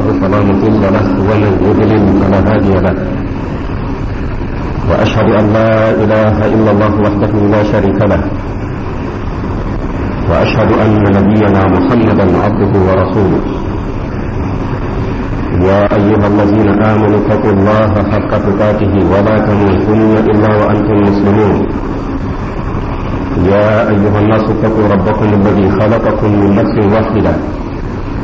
الله فلا مضل له ومن يضلل فلا هادي له وأشهد أن لا إله إلا الله وحده لا شريك له وأشهد أن نبينا محمدا عبده ورسوله يا أيها الذين آمنوا اتقوا الله حق تقاته ولا تموتن إلا وأنتم مسلمون يا أيها الناس اتقوا ربكم الذي خلقكم من نفس واحدة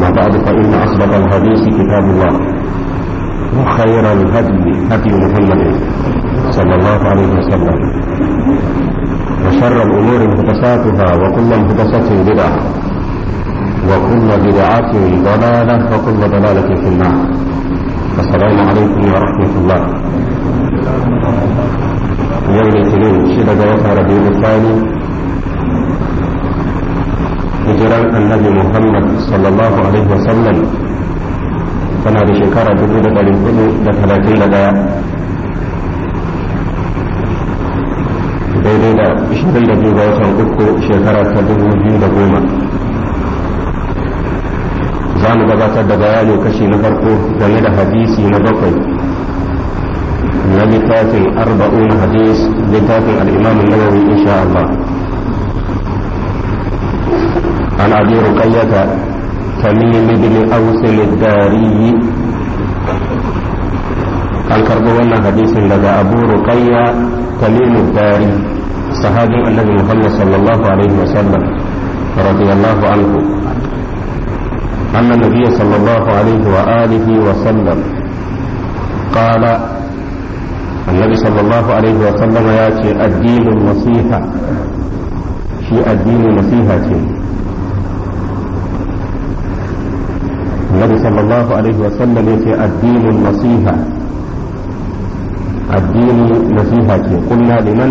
أما بعد فإن أصدق الحديث كتاب الله وخير الهدي هدي محمد صلى الله عليه وسلم وشر الأمور مهدساتها وكل مهدسة بدعة وكل بدعة ضلالة وكل ضلالة في النار السلام عليكم ورحمة الله يوم الاثنين شهد وفى ربيع الثاني hijiran annabi muhammad sallallahu alaihi wasallam tana da shekara dubu da ɗari hudu da talatin da ɗaya daidai da ishirin da biyu ga watan uku shekara ta dubu biyu da goma za mu gabatar da bayani kashi na farko game da hadisi na bakwai na littafin arba'un hadis littafin al'imamin nawawi insha Allah عن أبي رقية تميم بن أوس الداري an karɓo wannan hadisin daga abu ruqayya tamimu dari sahabin annabi muhammad sallallahu alaihi wa sallam ya ce addinin nasiha shi addinin nasiha ce النبي صلى الله عليه وسلم يتي الدين النصيحة الدين نصيحة قلنا لمن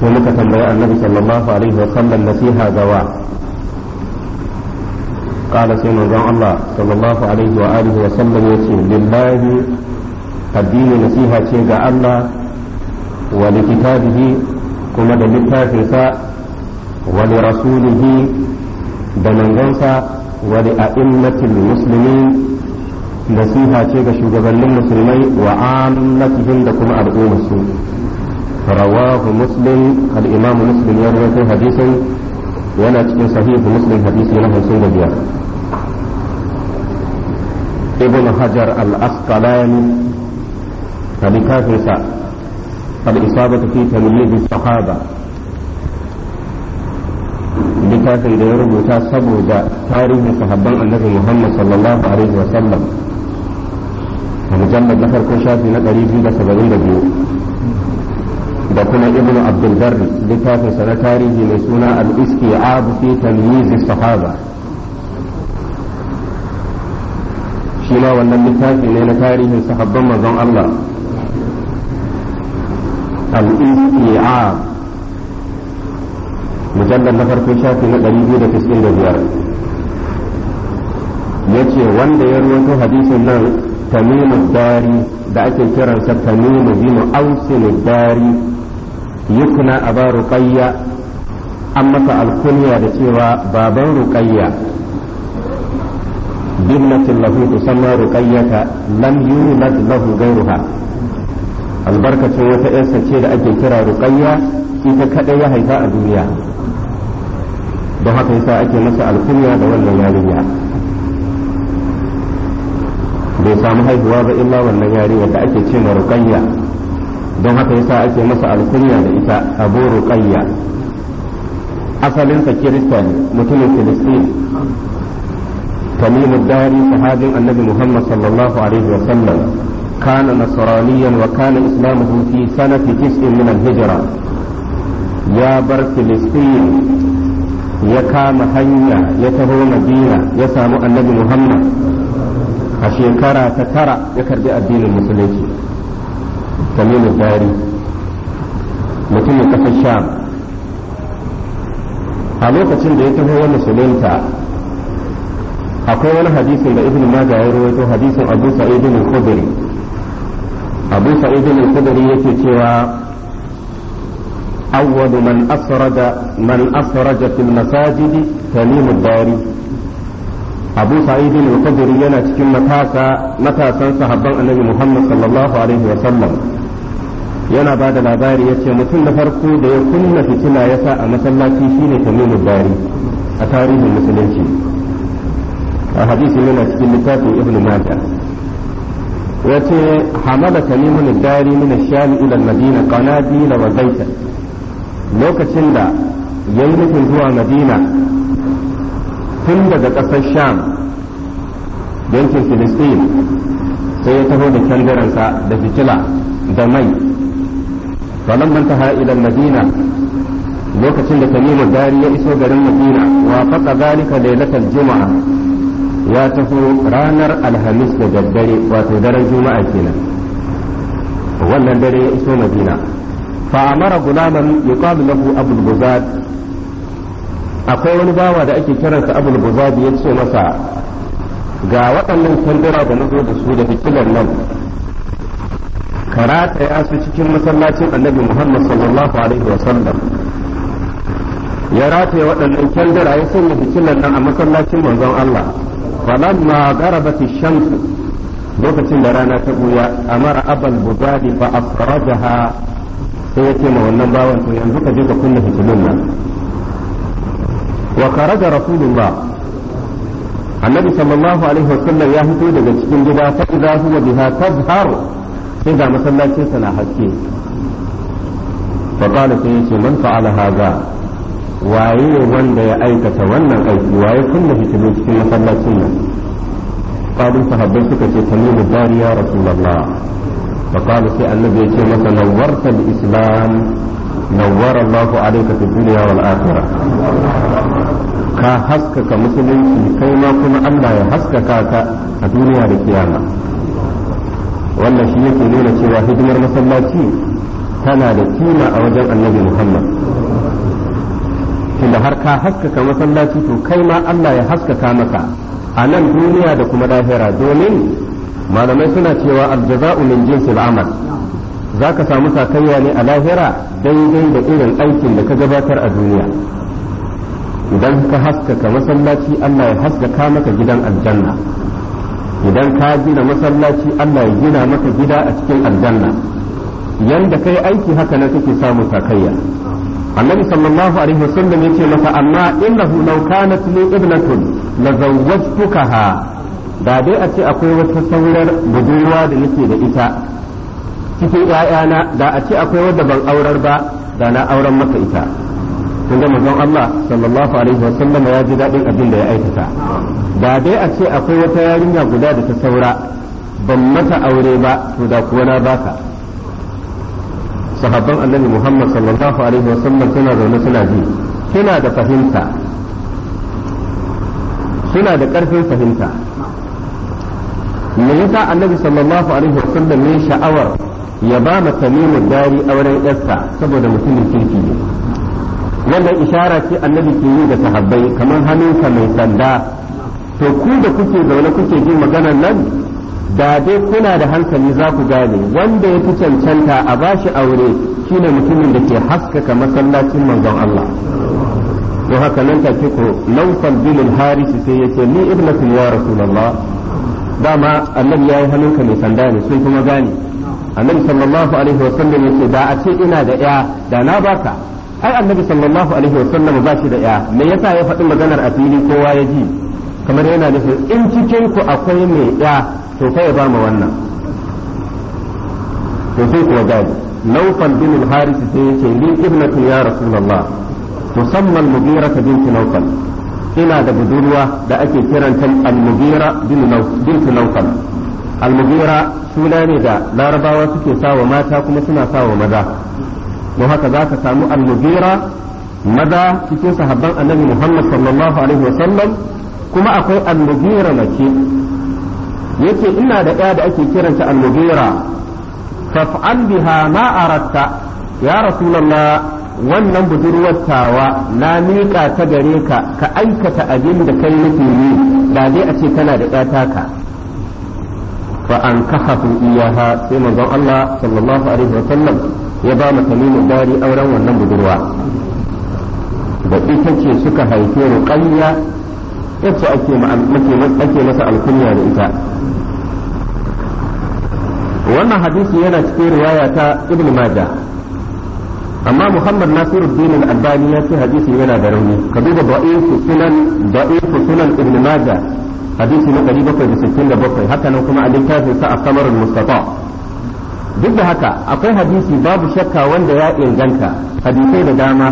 سمك تنبيع النبي صلى الله عليه وسلم نصيحة دواء قال سيدنا الله صلى الله عليه وآله وسلم يتي لله addini nasiha ce ga Allah wa likitabihi kuma da littafinsa wa li rasulihi da manzonsa ولأئمة المسلمين نصيحة تيغا شوغبان للمسلمين وعامتهم لكم السوء رواه مسلم الإمام مسلم يروي حديثا حديث تكون صحيح مسلم حديث له سنة بيار ابن حجر الأسقلاني فلكافر الإصابة في تمييز الصحابة littafin da ya rubuta saboda tarihin sahabban annabi Muhammad sallallahu alaihi wa sallam a mujallar na shafi na 272 da kuma ibnu abdul barri littafin sa na tarihi mai suna al-isti'ab fi tamyiz sahaba shi ma wannan littafi ne na tarihin sahabban manzon Allah al-isti'ab mujallar na farko shafi na 295 yace wanda ya ruwaito hadisin nan tamimu dari da ake kiransa tamimu bin ausin dari yukna aba ruqayya an masa alkunya da cewa baban ruqayya binnatin lahu tusamma ruqayyata lam lahu ghayruha albarkacin wata yarsa ce da ake kira ruqayya ita kadai ya haifa a duniya don haka yasa ake masa alkunya da wannan yarinya bai samu haihuwa ba illa wannan yarinya da ake ce ruqayya don haka yasa ake masa alkunya da ita abu ruqayya asalinsa kirista ne mutumin filistin tamimu dari sahabin annabi muhammad sallallahu alaihi wa sallam kana nasraniyan wa kana islamuhu fi sanati 9 min al-hijra ya bar filistin ya kama hanya ya taho madina ya samu annabi muhammad a shekara ta tara ya karbi addinin musulunci tamimu dari mutumin kasar sham a lokacin da ya taho wa musulunta akwai wani hadisin da ibn majah ya rawaito hadisin abu Sa'idu al-khudri abu Sa'idu al-khudri yake cewa أول من أسرج من أسرج في المساجد تميم الداري أبو سعيد الخدري yana cikin matasa matasan sahabban annabi Muhammad sallallahu alaihi wa sallam yana ba da labari ya ce mutum na farko da ya kunna fitina ya sa a masallaci shine tamimu bari a tarihin musulunci a hadisi yana cikin littafin ibnu majah ya ce hamala tamimu dari min ash-sham ila al-madina qanadila wa zaitan lokacin da ya yi nufin zuwa madina tun daga ƙasar sham yankin filistin sai ya taho da kyandaransa da fitila da mai falamman ta idan madina lokacin da tamimu dari ya iso garin madina wa faɗa zalika lailatar juma'a ya taho ranar alhamis da daddare wato daren juma'a kenan wannan dare ya iso madina fa'amara gulaman yuqalu lahu abul buzad akwai wani bawa da ake kiransa abul ya ce masa ga waɗannan sandura da na zo da su da fitilar nan ka rataya su cikin masallacin annabi muhammad sallallahu alaihi wa sallam ya rataya waɗannan kyandira ya sanya fitilar nan a masallacin manzon allah falamma garabat shamsu lokacin da rana ta buya amara abal buzadi fa akhrajaha sai ya ce ma wannan bawan to yanzu ka je ka kunna fitilun nan wa kharaja rasulullah annabi sallallahu alaihi wasallam ya fito daga cikin gida ta idza huwa biha tazhar sai ga masallacin sa na haske fa qala sai yace man fa'ala hadha waye wanda ya aikata wannan aiki waye kunna fitilun cikin masallacin nan qalu sahabbai suka ce da dariya rasulullah فقال سي النبي يتي مسا نورت الإسلام نور الله عليك في الدنيا والآخرة ka haskaka musulunci kai ma Allah ya haskaka ka a duniya da kiyama wannan shi yake nuna cewa hidimar masallaci tana da kima a wajen annabi Muhammad tunda har ka haskaka masallaci to kai ma Allah ya haskaka maka a nan duniya da kuma lahira domin malamai suna cewa aljaza'u min jinsi al'amal za ka samu sakayya ne a lahira daidai da irin aikin da ka gabatar a duniya idan ka haskaka masallaci Allah ya haskaka maka gidan aljanna idan ka gina masallaci Allah ya gina maka gida a cikin aljanna yanda kai aiki haka na kake samu sakayya annabi sallallahu alaihi wasallam yace masa amma innahu law kanat li ibnatun la zawwajtukaha ba dai a ce akwai wata saurar budurwa da nake da ita cikin ‘ya'yana da a ce akwai wadda ban aurar ba da na auren maka ita kun ga manzon Allah sallallahu alaihi wa sallam ya ji daɗin abin da ya aikata ba dai a ce akwai wata yarinya guda da ta saura ban mata aure ba to da kuwa na baka sahabban annabi Muhammad sallallahu alaihi wa sallam suna zaune suna ji suna da fahimta suna da ƙarfin fahimta me yasa annabi sallallahu alaihi wasallam ne sha'awar ya ba ma tamimu dari auren yarsa saboda mutumin kirki ne wannan ishara ce annabi ke yi da sahabbai kamar hannunsa mai sanda to ku da kuke zaune kuke jin maganar nan da dai kuna da hankali za ku gane wanda ya fi cancanta a bashi aure shine mutumin da ke haskaka masallacin manzon Allah to haka nan take ko lausal bilul harisi sai yace ni ibnatu ya rasulullah dama annabi ya yi hannunka mai sanda ne sun kuma gane annabi sallallahu alaihi wasallam yace da a ce ina da ya da na baka ai annabi sallallahu alaihi wasallam ba shi da ya me yasa ya faɗi maganar a fili kowa ya ji kamar yana nufin in cikin ku akwai mai ya to kai ba mu wannan to sai kuwa gadi naufal bin al-harith sai yace li ibnatu ya rasulullah musamman mughirah bint nawfal ina da budurwa da ake kiranta al-mughira bint nawfal al-mughira suna ne da larabawa suke sawa mata kuma suna sawa maza don haka za ka samu al maza cikin sahabban annabi Muhammad sallallahu alaihi wasallam kuma akwai al mace yace ina da ɗaya da ake kiranta al-mughira faf'al biha ma aratta ya rasulullah wannan budurwar tawa na miƙa ta gare ka ka aikata abin da kai nufi ne da dai a ce kana da ƴata ka fa an kahafu iyaha sai manzon Allah sallallahu alaihi wa sallam ya ba mu tamimu dari auren wannan budurwa da ita ce suka haife ruqayya yace ake ake masa alkunya da ita wannan hadisi yana cikin riwaya ta ibnu majah amma muhammad nasiruddin al-albani ya ce hadisin yana da rauni ka duba da'ifu sunan da'ifu sunan ibn majah hadisi na 767 haka nan kuma a littafin sa as-samarul duk da haka akwai hadisi babu shakka wanda ya inganta hadisai da dama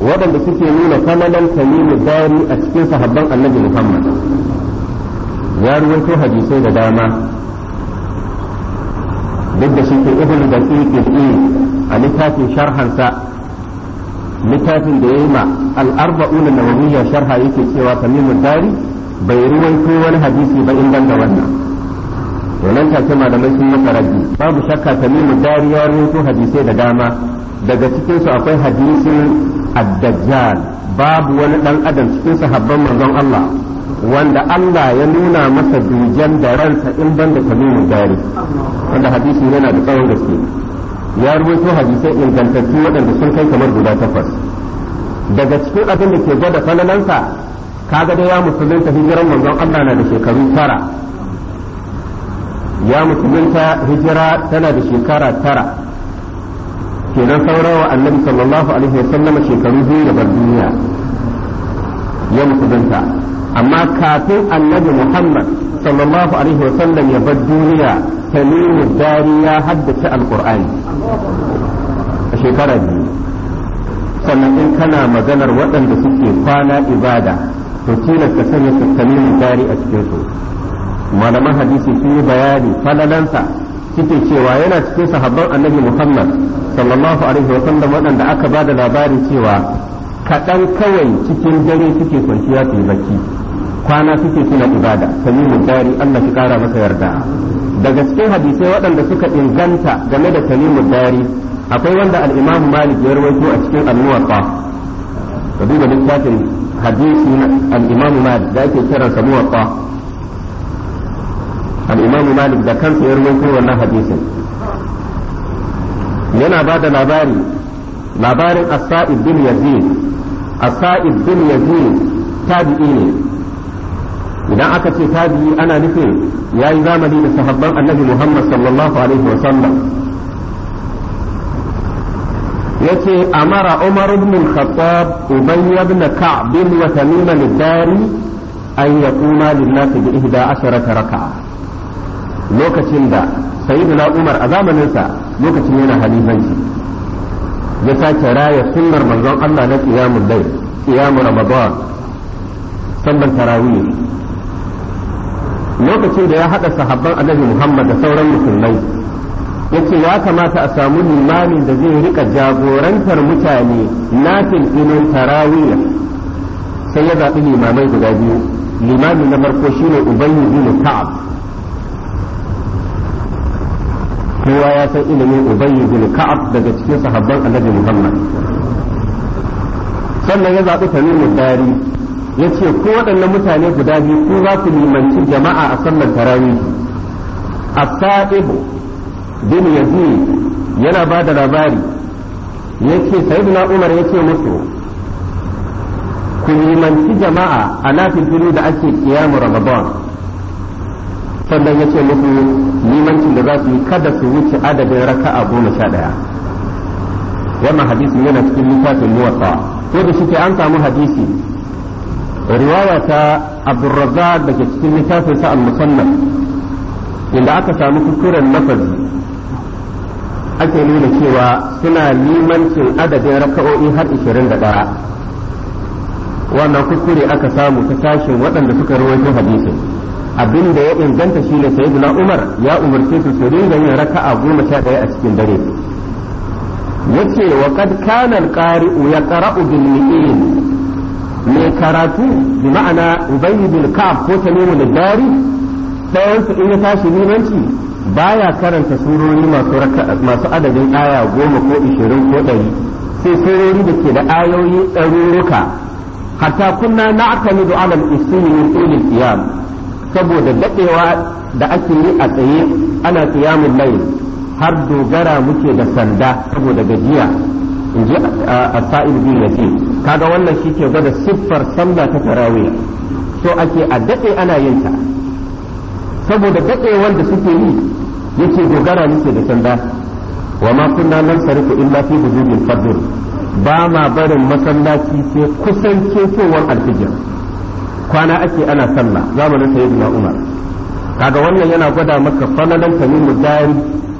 waɗanda suke nuna kamalan kamilu dari a cikin sahabban annabi muhammad ya ruwaito hadisai da dama duk da shi ke ibn ke ibn a littafin sharhansa littafin da ya yi ma al-arba'un an-nawawiyya sharha yake cewa tamimud dari bai ruwaito wani hadisi ba in banda wannan to nan take malamai sun yi rabbi babu shakka tamimud dari ya ruwaito hadisai da dama daga cikinsu akwai hadisin addajjal babu wani ɗan adam cikin sahabban manzon Allah wanda Allah ya nuna masa dujan da ransa in ban da kabirin gari wanda hadisi yana da tsawon gaske ya rubuto hadisai ingantattu waɗanda sun kai kamar guda takwas daga cikin abin da ke gwada falalansa kaga dai ya musulunta hijiran manzon Allah na da shekaru tara ya musulunta hijira tana da shekara tara kenan saurawa annabi sallallahu alaihi wasallama shekaru biyu da bar duniya ya musulunta amma kafin annabi muhammad sallallahu alaihi wasallam ya bar duniya tamimu dari ya haddace alqur'ani a shekara biyu sannan in kana maganar waɗanda suke kwana ibada to ka sanya tamimu dari a cikin su malaman hadisi sun yi bayani falalansa suke cewa yana cikin sahabban annabi Muhammad sallallahu alaihi wa sallam waɗanda aka ba da labari cewa kaɗan kawai cikin dare suke kwanciya su yi bacci kwana suke suna ibada tamimu dari Allah ki kara masa yarda daga cikin hadisai waɗanda suka inganta game da tamimu dari akwai wanda al Malik ya rawaito a cikin al-Muwatta duba littafin hadisi na alimam Malik da ake kiransa Muwatta al-imamu malik da kansa ya rubuto wannan hadisin yana ba da labari labarin as-sa'id bin yazid as-sa'id bin yazid tabi'i ne idan aka ce tabi'i ana nufin yi zamani da sahabban annabi muhammad sallallahu alaihi wa sallam yace amara Umar ibn al-Khattab Ubayy ibn Ka'b wa Tamim al-Dari an yaquma lin-nas bi 11 raka'a lokacin da sayyidina umar a zamaninsa lokacin yana halifanci ya sake raya sunnar manzon Allah na qiyamul dai qiyamul ramadan sannan tarawih lokacin da ya haɗa sahabban annabi Muhammad da sauran musulmai ya ce ya kamata a samu limamin da zai rika jagorantar mutane nafin ilin tarawih sai ya zaɓi limamai guda biyu limamin na farko shine ubangiji ne ka'ab kowa ya san ilimin ubayi bin ka'ab daga cikin sahabban annabi muhammad sannan ya zaɓi tamimu dari ya ce ko waɗannan mutane guda biyu ko za ku limanci jama'a a sallar tarawih as-sa'ib bin yazid yana ba da labari yace sayyidina umar yace musu ku limanci jama'a a nafilu da ake kiyamu ramadan sannan yace musu limancin da za su yi kada su wuce adadin raka'a goma sha ɗaya wannan hadisi yana cikin littafin muwatta ko da shi ke an samu hadisi riwaya ta abdurraza da ke cikin littafin sa al inda aka samu kukuren nafazi ake nuna cewa suna limancin adadin raka'o'i har 21 wannan kuskure aka samu ta tashin waɗanda suka rawaito hadisin abin da ya inganta shi ne sayyidina umar ya umarce su su ringa yin raka'a goma sha ɗaya a cikin dare yace wa kad kana al-qari'u yaqra'u bil mi'in mai karatu bi ma'ana ubay bin ka'ab ko tamimu da dari dayan su in ya tashi limanci baya karanta surori masu masu adadin aya goma ko ishirin ko ɗari sai surori da ke da ayoyi ɗaruruka hatta kunna na'tamidu ala al ismi min qiyam saboda daɗewa da ake yi a tsaye ana kiyamun layin har dogara muke da sanda saboda gajiya in ji a sa'il biyu ya ce kaga wannan shi ke gwada siffar sallah ta tarawih so ake a daɗe ana yin ta saboda daɗewan da suke yi ya ce dogara muke da sanda wa ma kunna nan sarifu illa fi hududil fadl ba ma barin masallaci sai kusan kefowar alfijir kwana ake ana sallah zamanin sayyidina umar kaga wannan yana gwada maka falalan tamimu dari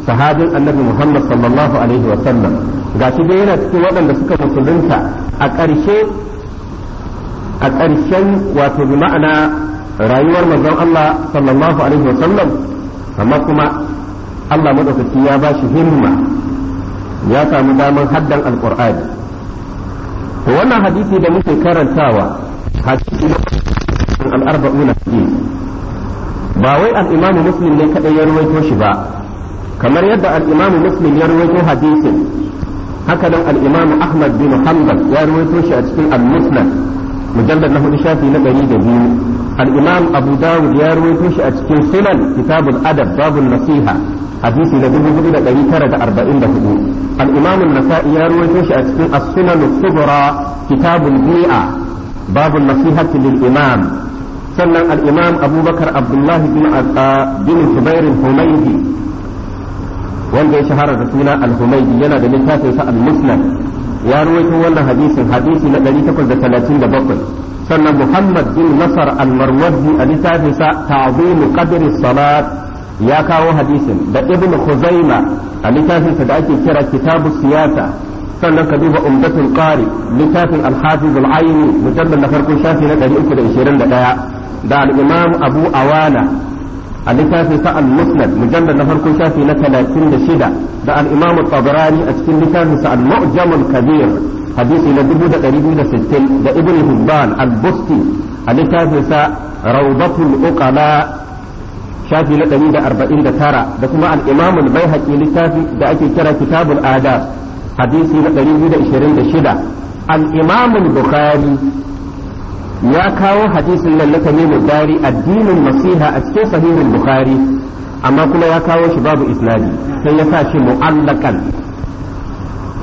sahabin annabi muhammad sallallahu alaihi wa sallam shi dai yana cikin waɗanda suka musulunta a ƙarshe a ƙarshen wato bi ma'ana rayuwar manzon Allah sallallahu alaihi wa sallam amma kuma Allah madaukaki ya ba shi himma ya samu daman haddan alƙur'ani to wannan hadisi da muke karantawa hadisi al’arba’una fiye wai al’imamu muslim ne kaɗai ya ruwaito shi ba kamar yadda al’imamu muslim ya ruwaito hadisin haka nan al’imamu ahmad bin hamdan ya ruwaito shi a cikin al-musnad mujallar na hudu shafi na ɗari da biyu al’imam abu dawud ya ruwaito shi a cikin sunan kitabul adab babu nasiha hadisi na dubu hudu da ɗari tara da arba'in da hudu al’imam nasa'i ya ruwaito shi a cikin as-sunan kitabul bi'a babu nasiha lil imam sannan al'imam abubakar abdullahi bin zubair humaydi wanda ya shahara da suna al-humaydi yana da littafinsa al-musnad ya ruwaito wannan hadisin hadisi na 837 sannan muhammad bin nasar al-marwazi a littafinsa ta'zimu qadri salat ya kawo hadisin da ibnu khuzaima a littafinsa da ake kira kitabu siyasa sannan ka duba umdatul qari littafin al-hafiz al-aini mujallal na farkon shafi na 321 da al-imam abu awana a littafin sa al-musnad mujallal na farkon shafi na 36 da al-imam at-tabarani a cikin littafin sa al-mu'jam al-kabir hadisi na 2260 da ibn hibban al-busti a littafin sa rawdatul uqala shafi na 149 da kuma al-imam al-baihaqi littafi da ake kira kitabul adab hadisi na 226 al-imam al-bukhari ya kawo hadisin nan na tamimu dari addinin masiha a cikin sahihin bukhari amma kuma ya kawo shi babu isnadi sai ya sa shi mu'allakan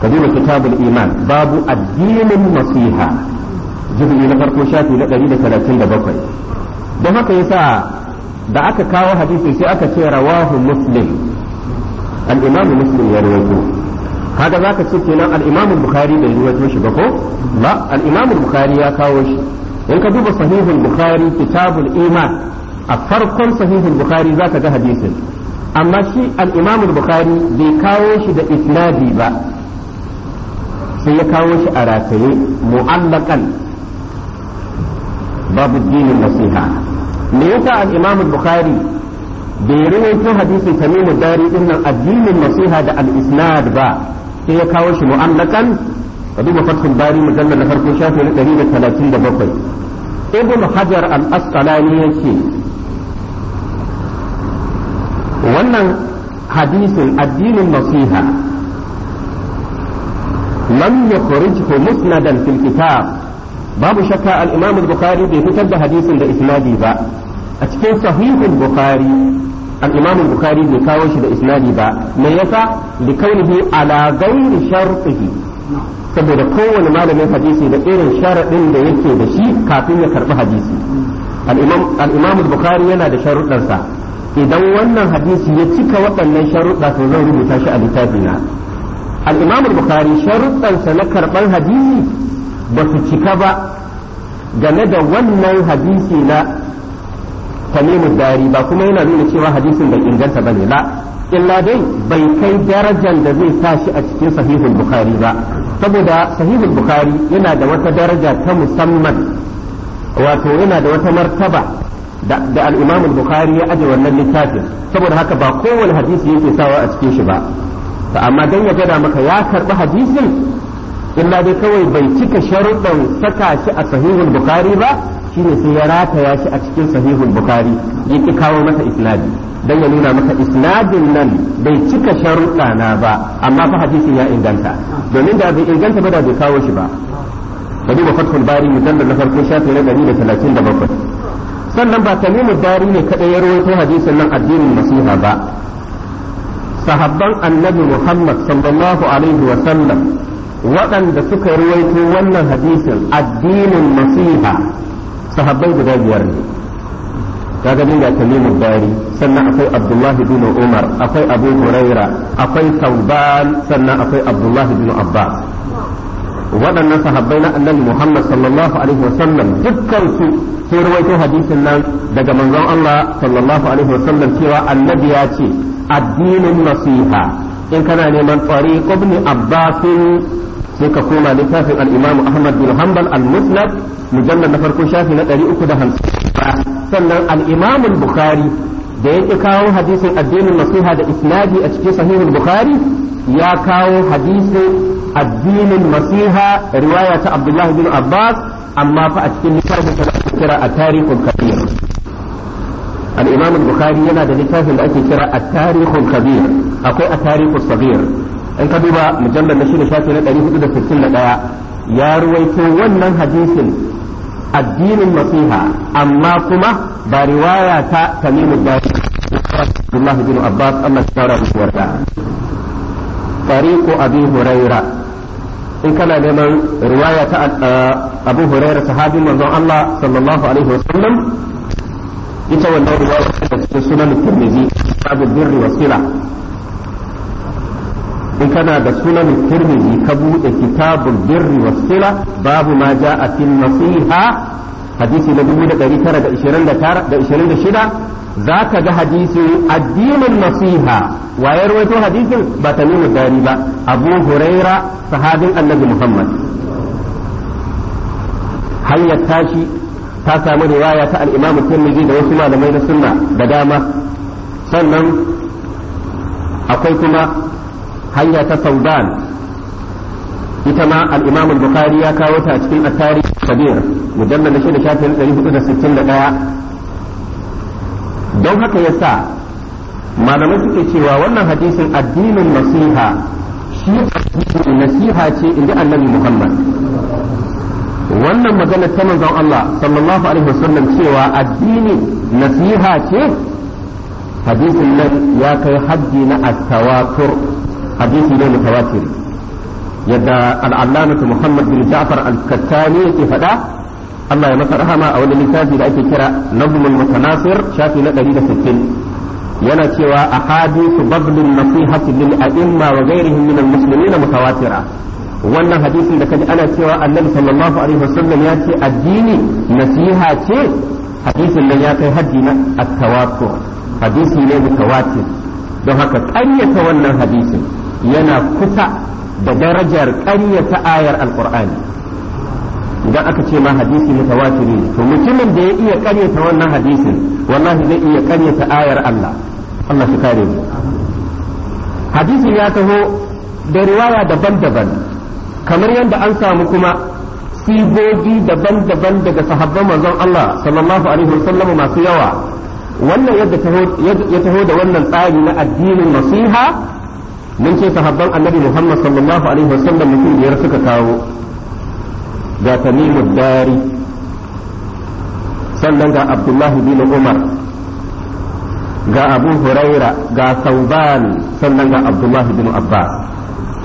kaduna kitabul iman babu addinin masiha jirgi na farko shafi na 137 don haka yasa da aka kawo hadisi sai aka ce rawahu muslim al-imam ya rawaito kaga zaka ce kenan al-Imam al-Bukhari bai ruwaito ba ko ba al bukhari ya kawo shi in ka duba sahihul Bukhari kitabul iman a farkon sahihul Bukhari zaka ga hadisin amma shi al-Imam al-Bukhari bai kawo shi da isnadi ba sai ya kawo shi a rataye mu'allaqan babu dinin nasiha me yasa al-Imam bukhari bai rawaito hadisin tamimu dari din nan addinin masiha da al-isnad ba sai ya kawo shi mu'allakan ka duba fathul bari mujallar na farko shafi na 137 ibn hajar al-asqalani yace wannan hadisin addinin nasiha lam yukhrijhu musnadan fil kitab babu shakka al-imam al-bukhari bai fitar da hadisin da isnadi ba a cikin sahihul bukhari al-imam bukhari bai kawo shi da isnadi ba me yasa li kaunihi ala ghairi shartihi saboda kowane malamin hadisi da irin sharaɗin da yake da shi kafin ya karbi hadisi al bukhari yana da sharuɗansa idan wannan hadisi ya cika waɗannan sharuɗa sun zan rubuta shi a littafi na. imam al-bukhari sharuɗansa na karban hadisi ba su cika ba game da wannan hadisi na tamimu dari ba kuma yana nuna cewa hadisin bai inganta bane la illa dai bai kai darajar da zai sa shi a cikin sahihul bukhari ba saboda sahihul bukhari yana da wata daraja ta musamman wato yana da wata martaba da al-imam bukhari ya aje wannan littafin saboda haka ba kowane hadisi yake sawa a cikin shi ba amma dan ya gada maka ya karbi hadisin illa dai kawai bai cika sharuɗan saka shi a sahihul bukhari ba shine sai ya rataya shi a cikin sahihul bukhari yake kawo masa isnadi dan ya nuna maka isnadin nan bai cika sharuɗa na ba amma fa hadisin ya inganta domin da bai inganta ba da bai kawo shi ba ka duba fathul bari mujallal na farko shafi na 137 sannan ba tamimu dari ne kadai ya rawaito hadisin nan addinin nasiha ba sahabban annabi muhammad sallallahu alaihi wa sallam waɗanda suka rawaito wannan hadisin addinin nasiha sahabbai guda biyar ne ganin dinga tamimu bari sannan akwai abdullahi bin umar akwai abu huraira akwai sauban sannan akwai abdullahi bin abbas waɗannan sahabbai na annabi muhammad sallallahu alaihi wasallam dukkan su sun rawaito hadisin nan daga manzon allah sallallahu alaihi wasallam cewa annabi ya ce addinin nasiha in kana neman tsari ibn abbasin sai ka koma littafin al-Imam Ahmad bin Hanbal al-Musnad mujallad na farko shafi na 350 sannan al-Imam bukhari da yake kawo hadisin addinin nasiha da isnadi a cikin sahihul bukhari ya kawo hadisin addinin nasiha riwaya ta abdullahi bin abbas amma fa a cikin littafin da ake kira a tarihul kabir al-imam al-bukhari yana da littafin da ake kira a tarihul kabir akwai a tarihul sabir in ka duba mujallar na shida shafi na 461 ya ruwaito wannan hadisin addinin masiha. amma kuma ba riwaya ta tamimu dari Abdullah bin Abbas Allah ya tsara musu warda tariqu Abi Huraira in kana neman riwaya ta uh, Abu Huraira sahabin manzon Allah sallallahu alaihi wasallam ita wannan riwaya ta cikin sunan Tirmidhi babu birri wasila in kana da sunan tirmidhi ka bude kitabul birri was sila babu ma a fil nasiha hadisi na shida za ka ga hadisi addinin nasiha waye rawaito hadisin ba nuna dari ba abu huraira sahabin annabi muhammad hanyar tashi ta samu riwaya ta al-imam da wasu malamai na sunna da dama sannan akwai kuma hanya ta saudan ita ma al-imam bukhari ya kawo ta a cikin at-tarikh kabir mujallal shi da shafin 461 don haka yasa malamai suke cewa wannan hadisin addinin nasiha shi nasiha ce inda annabi muhammad wannan maganar ta manzon Allah sallallahu alaihi wasallam cewa addini nasiha ce hadisin nan ya kai haddi na at-tawatur hadisi ne mutawatir yadda al'allamatu Muhammad bin Ja'far al-Kattani yake faɗa Allah ya masa rahama a wani littafi da ake kira Nazmul Mutanasir shafi na sittin. yana cewa ahadithu badlun nasihati lil a'imma wa ghairihim min al-muslimina mutawatira wannan hadisin da kaji ana cewa annabi sallallahu alaihi wasallam ya ce addini nasiha ce hadisin nan ya kai haddi na at-tawatur hadisi ne mutawatir don haka ƙaryata wannan hadisin yana kusa da darajar ƙaryata ayar Alƙur'ani. idan aka ce ma hadisi ne to mutumin da ya iya ƙaryata wannan hadisin wallahi zai iya ƙaryata ayar Allah Allah shi kare mu hadisin ya taho da riwaya daban-daban kamar yadda an samu kuma sigogi daban-daban daga sahabban manzon Allah sallallahu alaihi wasallam masu yawa wannan yadda ya taho da wannan tsari na addinin nasiha mun ce sahabban annabi Muhammad sallallahu alaihi wasallam mutum biyar suka kawo ga Tamimu Dari sannan ga Abdullahi bin Umar ga Abu Huraira ga Sauban sannan ga Abdullahi bin abba.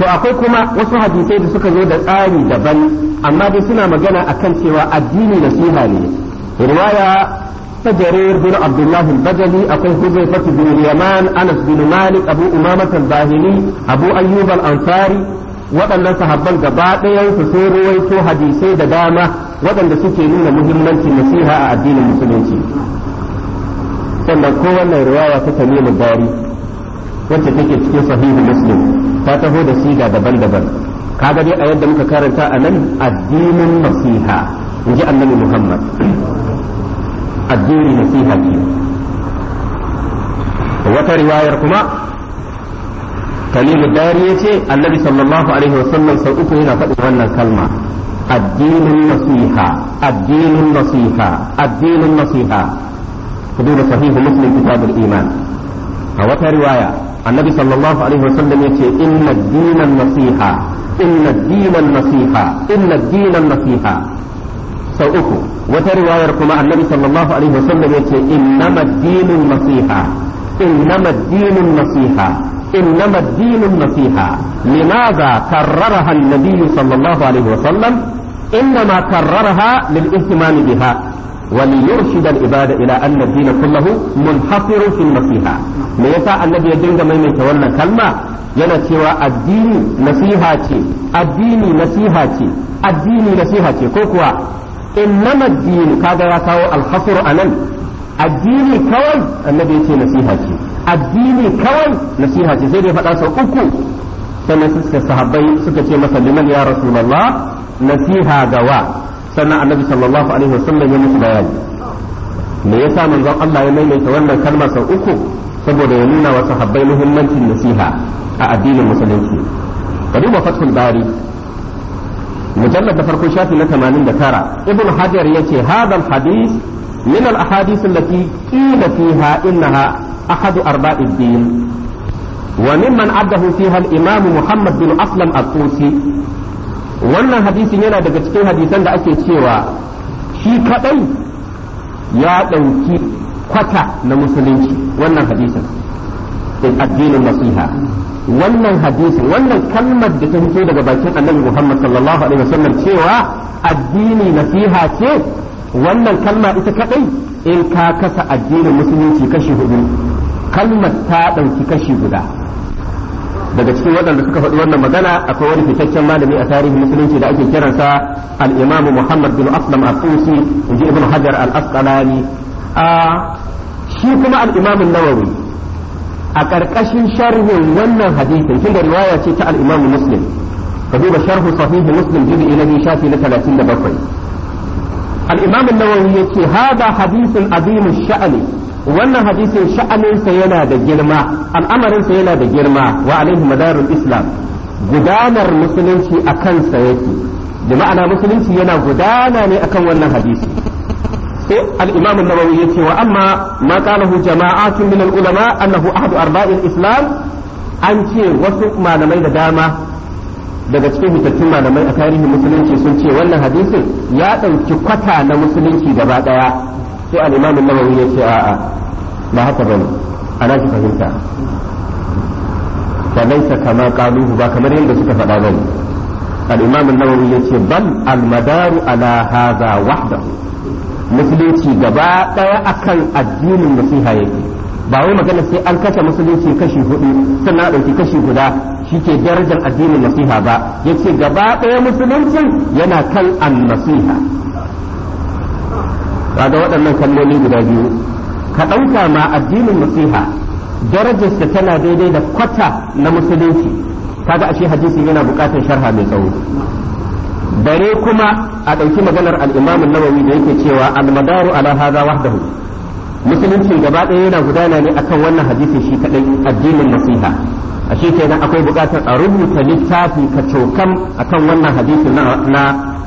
to akwai kuma wasu hadisai da suka zo da tsari daban amma dai suna magana akan cewa addini nasiha ne riwaya جرير بن Abdullahi الله Akwai أقول حذيفة بن اليمان أنس بن Abu أبو أمامة Abu أبو أيوب waɗannan sahabban gaba ɗayansu sun ruwaito hadisai da dama waɗanda suke nuna muhimmancin nasiha a addinin musulunci sannan kowanne riwaya ta tamimu bari wacce take cikin sahihu muslim ta taho da siga daban-daban kaga dai a yadda muka karanta a nan addinin nasiha in ji annabi muhammad addini nasiha ce wata riwayar kuma kalimu dari ya ce annabi sallallahu alaihi wasallam sau uku yana faɗin wannan kalma addinin nasiha addinin nasiha addinin nasiha ku duba sahihu muslim kitabul iman a wata riwaya annabi sallallahu alaihi wasallam ya ce inna dinan nasiha inna dinan nasiha inna dinan nasiha sau uku wata riwayar kuma annabi sallallahu alaihi wasallam yace innama dinun nasiha innama dinun nasiha innama dinun nasiha limadha karraraha annabi sallallahu alaihi wasallam innama karraraha lil ihtimam biha وليرشد العباد الى ان الدين كله منحصر في النصيحه me yasa annabi ya dinga maimaita wannan kalma yana cewa addini nasiha ce addini nasiha ce addini nasiha ce ko kuwa innama dinu ya kawo alhasr anan addini kawai annabi yace nasiha addini kawai nasiha sai dai faɗa sau uku sannan masa liman ya rasulullah ga wa me yasa manzon Allah ya maimaita wannan kalma sau uku saboda ya nuna wa sahabbai muhimmancin nasiha a addinin musulunci bari mu fatul bari mujallar da farko shafi na tamanin da tara ibn hajar yace hadal hadith min al ahadith allati qila fiha innaha ahadu arba'id din wa mimman addahu fiha imam muhammad bin aslam al-tusi wannan hadisin yana daga cikin hadisan da ake cewa shi kaɗai ya ɗauki kwata na musulunci wannan hadisin addinin masiha. wannan hadisi wannan kalmar da ta fito daga bakin annabi Muhammad sallallahu alaihi wasallam cewa addini nasiha ce wannan kalma ita kadai in ka kasa addinin musulunci kashi hudu kalmar ta dauki kashi guda daga cikin waɗanda suka faɗi wannan magana akwai wani fitaccen malami a tarihin musulunci da ake kiransa al imam Muhammad bin Aslam al-Tusi inji Ibn Hajar al-Asqalani a ah, shi kuma al-imamu Nawawi a ƙarƙashin sharhin wannan hadisin tunda riwaya ce ta al-Imam Muslim ka duba sharhu sahih Muslim juz'i na biyu shafi na 37 al-Imam an-Nawawi yace hada hadisin azim sha'ani wannan hadisin sha'aninsa yana da girma al'amarinsa yana da girma wa alaihi madarul islam gudanar musulunci a kansa yake da ma'ana musulunci yana gudana ne akan wannan hadisi sai al'imamin imam an-nawawi yace wa amma ma qalahu jama'atun min al-ulama annahu ahadu arba'il islam an ce wasu malamai da dama daga cikin fitattun malamai a tarihin musulunci sun ce wannan hadisin ya ɗauki kwata na musulunci gaba ɗaya sai al-imam an-nawawi yace a'a ba haka bane ana ki fahimta falaita kama qaluhu ba kamar yadda suka faɗa bane al-imam an-nawawi yace bal al-madaru ala haza wahdahu musulunci gaba daya akan addinin nasiha yake ba wai magana sai an kashe musulunci kashi hudu suna ɗauki kashi guda shike darajar addinin nasiha ba yace gaba daya musuluncin yana kan an nasiha ga waɗannan kalloli guda biyu ka ɗauka ma addinin nasiha darajarsa tana daidai da kwata na musulunci kaga ashe hadisi yana buƙatar sharha mai tsawo bare kuma a ɗauki maganar al-Imam an-Nawawi da yake cewa al-madaru ala hadha wahdahu musulunci gaba ɗaya yana gudana ne akan wannan hadisi shi kadai addinin nasiha a shi ke nan akwai buƙatar a rubuta littafi ka cokam akan wannan hadisi na na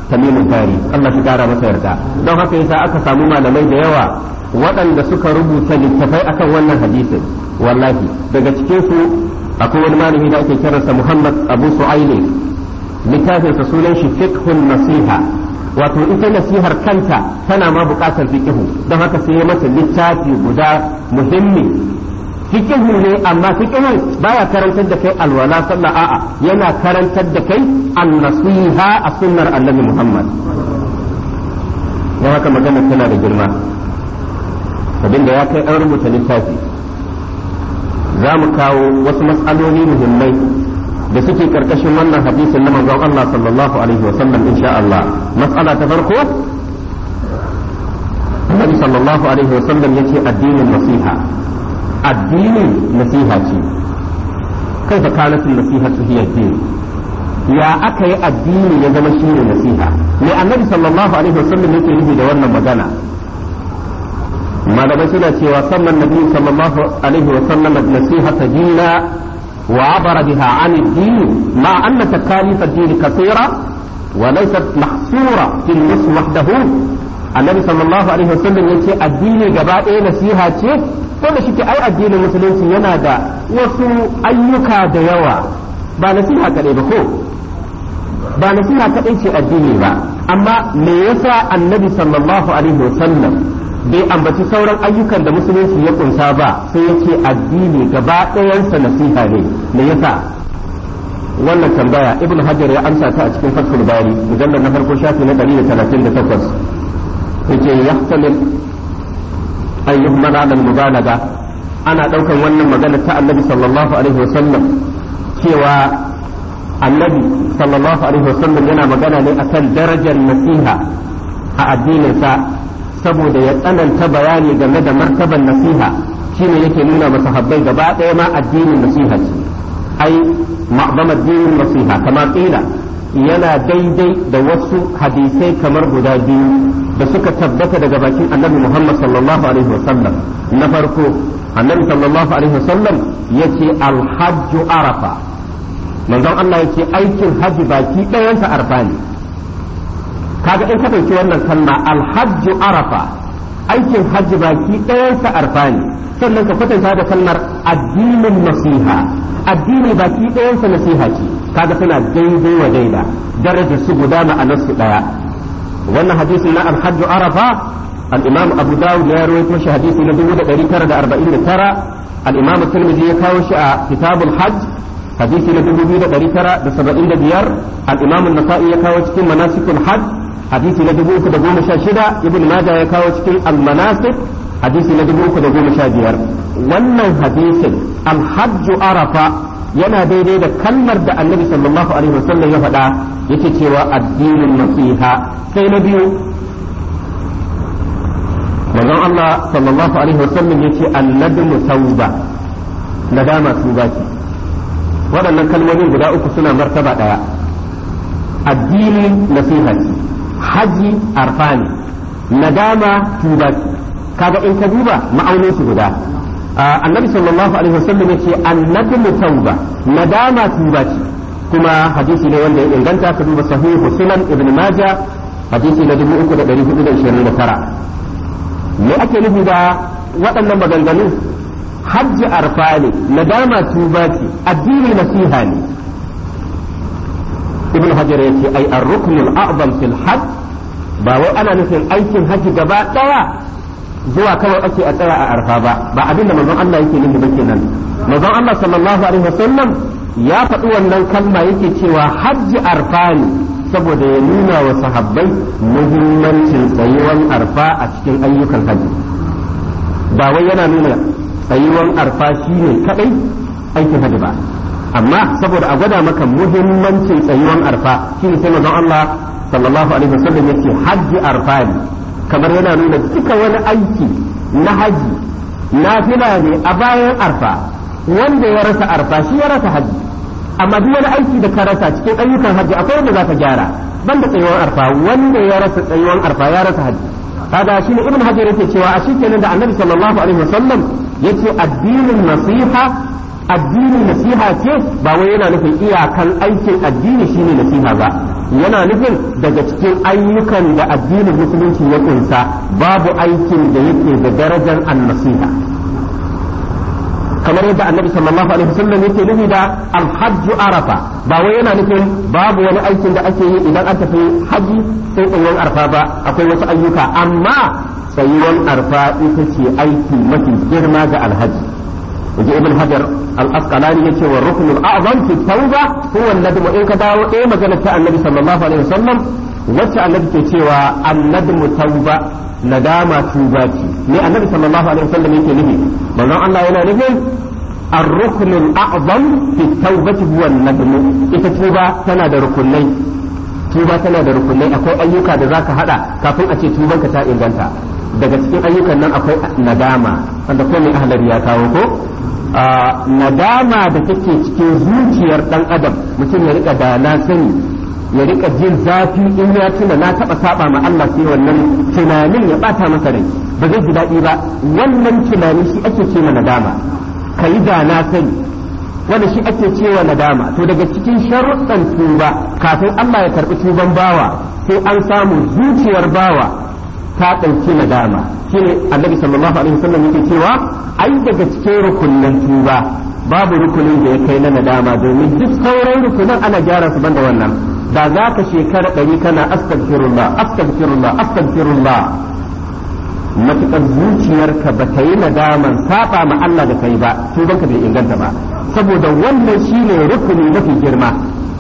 tamimin tari Allah shi gara masa yarda don haka yasa aka samu malamai da yawa waɗanda suka rubuta littafai akan wannan hadisin wallahi daga cikin su akwai wani malami da ake kiransa Muhammad Abu Su'aili littafinsa sunan shi fiqhun nasiha wato ita nasihar kanta tana ma bukatar fiqhu don haka sai ya mata littafi guda muhimmi fiqhu ne amma fiqhu baya karantar da kai alwala sallah a'a yana karantar da kai an-nasiha a sunnar annabi Muhammad don haka magana tana da girma abinda ya kai an rubuta littafi za mu kawo wasu matsaloli muhimmai da suke karkashin wannan hadisin na manzon Allah sallallahu alaihi wa sallam insha Allah mas'ala ta farko Annabi sallallahu alaihi wa sallam yace addinin nasiha addinin nasiha ce kai fa kalatin nasiha su hiya addini ya aka yi addini ya zama shi ne nasiha ne annabi sallallahu alaihi wa sallam yake yi da wannan magana malamai suna cewa sannan nabi sallallahu alaihi wa sallam nasiha ta jinna وعبر بها عن الدين مع أن تكاليف الدين كثيرة وليست محصورة في النص وحده annabi sallallahu alaihi wasallam ya ce addini gaba ɗaya nasiha ce ko da shike ai addinin musulunci yana da wasu ayyuka da yawa ba nasiha kaɗai ba ko ba nasiha kaɗai ce addini ba amma me yasa annabi bai ambaci sauran ayyukan da musulunci ya kunsa ba sai yake addini gaba ɗayansa nasiha ne me yasa wannan tambaya ibn hajar ya amsa ta a cikin fathul bari mujallar na farko shafi na 138 yake yahtamil an yuhmal mubalaga ana ɗaukar wannan magana ta annabi sallallahu alaihi wasallam cewa annabi sallallahu alaihi wasallam yana magana ne akan darajar nasiha a addinin sa saboda ya tsananta bayani game da martaban nasiha ne yake nuna masa habbai gaba ɗaya ma addinin nasiha ce ai ma'zam addinin nasiha kamar qila yana daidai da wasu hadisai kamar guda biyu da suka tabbata daga bakin annabi Muhammad sallallahu alaihi wasallam na farko annabi sallallahu alaihi wasallam yace alhajju arafa manzon Allah ya ce aikin hajji baki ɗayansa arfa ne kaga in kasance ce wannan sallah alhajju arafa aikin hajji baki ɗayan sa arfa sannan ka kwatanta da kalmar addinin nasiha addini baki ɗayan sa nasiha ce kaga suna daidai wa daida daraja su guda ma anas su daya wannan hadisi na alhajju arafa al-imam abu dawud ya rawaito shi hadisi na 1949 al-imam at-tirmidhi ya kawo shi a kitabul hajj hadisi na 1975 al-imam an-nasa'i ya kawo cikin manasikul hajj hadisi na dubu uku da goma sha shida ibn majah ya kawo cikin al hadisi na dubu uku da goma sha biyar wannan hadisin alhajju arafa yana daidai da kalmar da annabi sallallahu alaihi ya faɗa yake cewa addinin nasiha sai na biyu manzon Allah sallallahu alaihi wasallam yace annadmu tauba nadama waɗannan kalmomin guda uku suna martaba ɗaya addinin nasiha haji arfani nadama tuba kaga in ka duba ma'aunin su guda annabi sallallahu alaihi wasallam yace annadmu tauba nadama tuba kuma hadisi ne wanda ya inganta ka duba sahihu sunan ibn maja hadisi na tara. me ake nufi da waɗannan maganganu hajji arfani nadama tuba addini nasiha ne ibn hajar ce ai ar-ruknul a'zam fil hajj ba wai ana nufin aikin haji gaba daya zuwa kawai ake a tsaya a arfa ba ba abin da manzon Allah yake nufi ba kenan manzon Allah sallallahu alaihi wasallam ya faɗi wannan kalma yake cewa hajji arfa ne saboda ya nuna wa sahabbai muhimmancin tsayuwan arfa a cikin ayyukan haji ba wai yana nuna tsayuwan arfa shine kadai aikin haji ba amma saboda a gwada maka muhimmancin tsayuwan arfa shi ne sai manzon Allah sallallahu alaihi wasallam yace hajji arfa ne kamar yana nuna duka wani aiki na haji nafila ne a bayan arfa wanda ya rasa arfa shi ya rasa haji amma duk wani aiki da ka rasa cikin ayyukan haji akwai wanda za ka gyara banda tsayuwan arfa wanda ya rasa tsayuwan arfa ya rasa haji kaga shi ne ibn hajar yake cewa a shi kenan da annabi sallallahu alaihi wasallam yace addinin nasiha addini nasiha ce ba wai yana nufin iyakan aikin addini shine nasiha ba yana nufin daga cikin ayyukan da addinin musulunci ya kunsa babu aikin da yake da darajar annasiha kamar yadda annabi sallallahu alaihi wasallam yake nufi da alhajj arafa ba wai yana nufin babu wani aikin da ake yi idan an tafi haji sai tsayuwar arfa ba akwai wasu ayyuka amma tsayuwar arfa ita ce aiki mafi girma ga alhaji wajen ibn hajar al-asqalani yace wa ruknul a'zam fi tauba huwa an-nadm in ka dawo ɗaya magana ta annabi sallallahu alaihi wasallam wacce annabi ke cewa an-nadm tauba nadama tuba ce ne annabi sallallahu alaihi wasallam yake nufi manzon Allah yana nufin fi الأعظم في التوبة هو ita إذا tana da rukunai. tuba tana da rukunai akwai ayyuka da zaka hada kafin a ce ka ta inganta daga cikin ayyukan nan akwai nadama wanda ko mai ahlar ya kawo ko nadama da take cikin zuciyar dan adam mutum ya rika da na sani ya rika jin zafi in ya tuna na taba saba ma Allah sai wannan tunanin ya bata masa rai ba zai ji daɗi ba wannan tunani shi ake ce nadama kayi da na sani wanda shi ake cewa nadama to daga cikin sharuɗan tuba kafin Allah ya karɓi tuban bawa sai an samu zuciyar bawa ta ɗauki nadama shine annabi sallallahu alaihi wasallam yake cewa ai daga cikin rukunin tuba babu rukunin da ya kai na nadama domin duk sauran rukunan ana gyara su banda wannan da za ka shekara ɗari kana astaghfirullah astaghfirullah astaghfirullah matuƙar zuciyarka ba ta yi nadaman saba ma Allah da kai ba to banka bai inganta ba saboda wannan shi shine rukuni mafi girma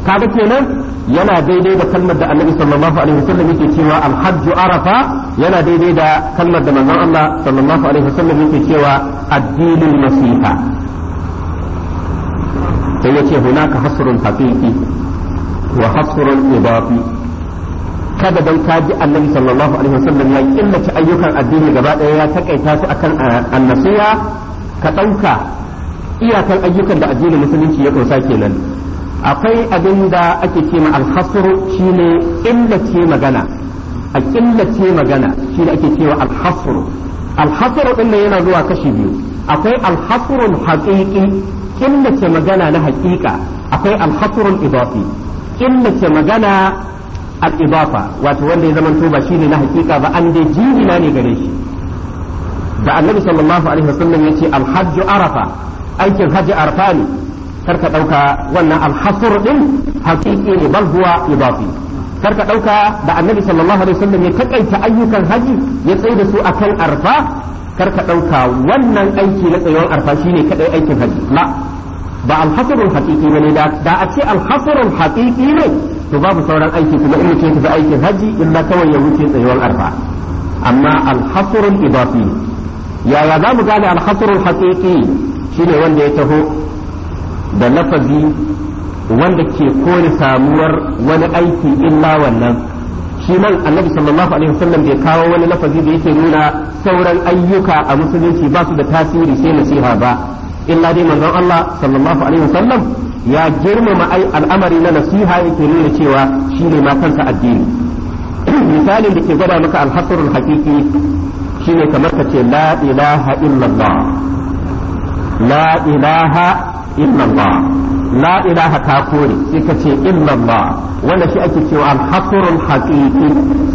kaga kenan yana daidai da kalmar da Annabi sallallahu alaihi wasallam yake cewa alhajju arafa yana daidai da kalmar da manzon Allah sallallahu alaihi wasallam yake cewa addinin nasiha sai yace hunaka hasrun haqiqi wa hasrun idafi kada dai ta ji annabi sallallahu alaihi wasallam ya killace ayyukan addini gaba ɗaya ya takaita su akan annasiya ka ɗauka iyakar ayyukan da addinin musulunci ya kunsa kenan akwai abin da ake ce ma alhasru shine killace magana a killace magana shine ake cewa alhasru alhasru din yana zuwa kashi biyu akwai alhasrul haqiqi killace magana na haƙiƙa akwai alhasrul idafi killace magana al-idafa wato wanda ya zamanto ba shine na hakika ba an dai jingina ne gare shi da annabi sallallahu alaihi wasallam yace al-hajj arafa aikin hajji arafa ne karka dauka wannan al-hasr din hakiki ne bal huwa idafi karka dauka da annabi sallallahu alaihi wasallam ya takaita ayyukan haji ya tsaye da su akan arfa karka dauka wannan aiki na tsayuwar arfa shine kadai aikin haji la ba alhasarul haƙiƙi ba ne da a ce alhasarul haƙiƙi ne to babu sauran aiki kuma in mutum tafi aikin hajji illa kawai ya wuce tsayuwar arfa amma alhasarul idafi yaya za mu gane alhasarul haƙiƙi shine wanda ya taho da lafazi wanda ke kone samuwar wani aiki illa wannan shi nan annabi sallallahu alaihi wasallam bai kawo wani lafazi da yake nuna sauran ayyuka a musulunci ba su da tasiri sai nasiha ba illa dai manzon Allah sallallahu alaihi wasallam ya girmama ai al'amari na nasiha yake nuna cewa shine ma kansa addini misalin da ke gwada maka alhasrul haqiqi shine kamar ka ce la ilaha illallah la ilaha illallah la ta kore sai ka ce illallah wanda shi ake cewa al-hasrul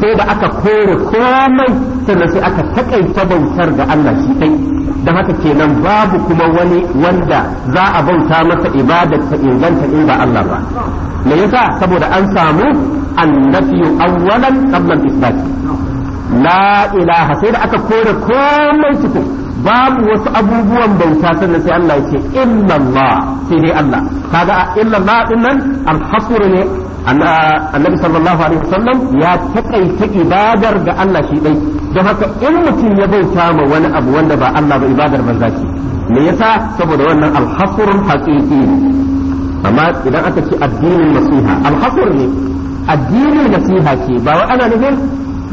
sai da aka kore komai sannan sai aka taƙaita bautar ga Allah shi kai dan haka kenan babu kuma wani wanda za a bauta masa ibadar ta inganta in ba Allah ba me yasa saboda an samu annafiyu awwalan qabla al-isbat la ilaha sai da aka kore komai cikin babu wasu abubuwan bauta sannan sai Allah ya illallah sai dai Allah kaga illallah din nan al-hasr ne annabi sallallahu alaihi wasallam ya takaita ibadar ga Allah shi dai don haka in mutum ya bauta ma wani abu wanda ba Allah ba ibadar banza ce me yasa saboda wannan al-hasr haqiqi amma idan aka ce addinin nasiha al-hasr ne addinin nasiha ce ba wa ana nufin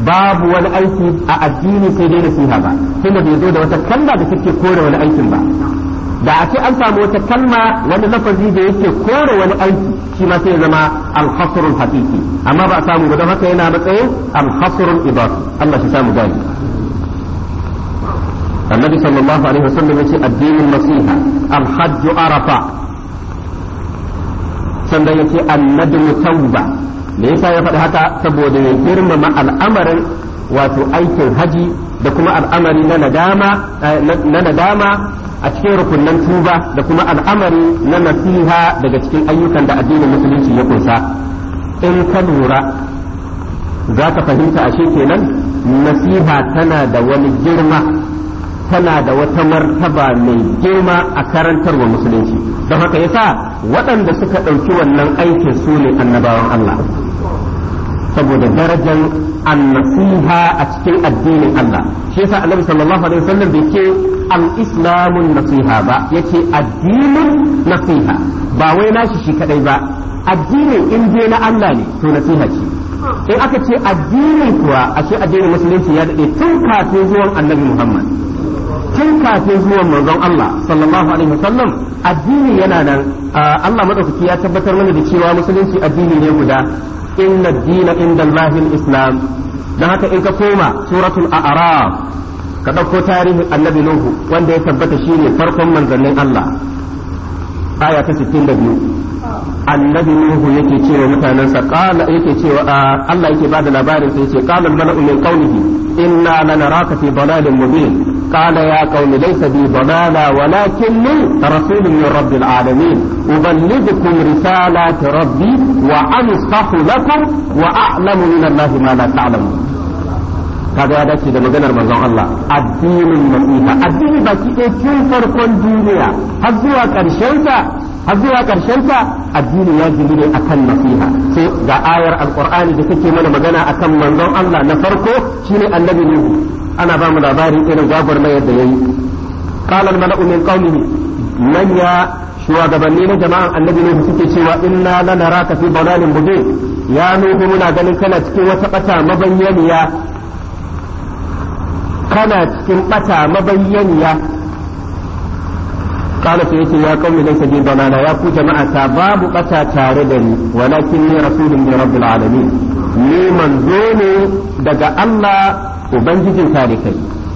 babu wani aiki a addini sai dai nasiha ba tunda bai zo da wata kalma da take kore wani aikin ba da a ce an samu wata kalma wani lafazi da yake kore wani aiki shi ma sai zama al haqiqi amma ba a samu ba don haka yana matsayin al-hasrul Allah shi samu gani annabi sallallahu alaihi wasallam yace addinin nasiha alhajju arafa sannan yace an-nadmu tawba me yasa ya faɗi haka saboda ya girmama al'amarin wato aikin haji da kuma al'amari na nadama eh, a cikin rukunan tuba da kuma al'amari na nasiha daga cikin ayyukan da addinin musulunci ya kunsa in ka lura za ka fahimta ashe kenan nasiha tana da wani girma tana da wata martaba mai girma a karantar wa musulunci don haka yasa waɗanda suka ɗauki wannan aikin su ne annabawan Allah saboda darajar annasiha a cikin addinin Allah shi yasa Annabi sallallahu alaihi wasallam bai ce al-islamu nasiha ba yace addinin nasiha ba wai nashi shi kadai ba addinin in na Allah ne to nasiha ce sai aka ce addinin kuwa ashe addinin musulunci ya daɗe tun kafin zuwan annabi muhammad tun kafin zuwan manzon Allah sallallahu alaihi wasallam addini yana nan ah, Allah madaukaki ya tabbatar mana da cewa musulunci addini ne guda inna ad-dina inda Allah islam dan haka in ka koma suratul a'raf ka ɗauko tarihin annabi nuhu wanda ya tabbata shine farkon manzannin Allah aya ta 62 annabi nuhu yake cewa mutanansa qala yake cewa Allah yake bada labarin sai yace qala al mala'u min qawlihi inna lanaraka fi dalalin mubin qala ya qawmi laysa bi dalala بي ضلالة ولكني رسول من رب العالمين أبلغكم رسالات ربي وأنصح لكم وأعلم من الله ma la ta'lamun kaga ya dace da maganar manzon Allah addinin nasiha addini ki ɗaya tun farkon duniya har zuwa ƙarshen ta har zuwa ƙarshen addini ya jini ne akan nasiha sai ga ayar alqur'ani da take mana magana akan manzon Allah na farko shine annabi nuhu ana ba mu labari irin jabar mai yadda yayi qala al-mala'u min qaumihi man ya shugabanni na jama'an annabi nuhu suke cewa inna lanaraka fi dalalin mubin ya nuhu muna ganin kana cikin wata ƙasa mabayyaniya kana cikin bata mabayyaniya kana sai yake ya kawo laisa bi ya ku jama'a ta babu bata tare da ni walakin ni rasulun min rabbil alamin ni manzo ne daga Allah ubangijin kai.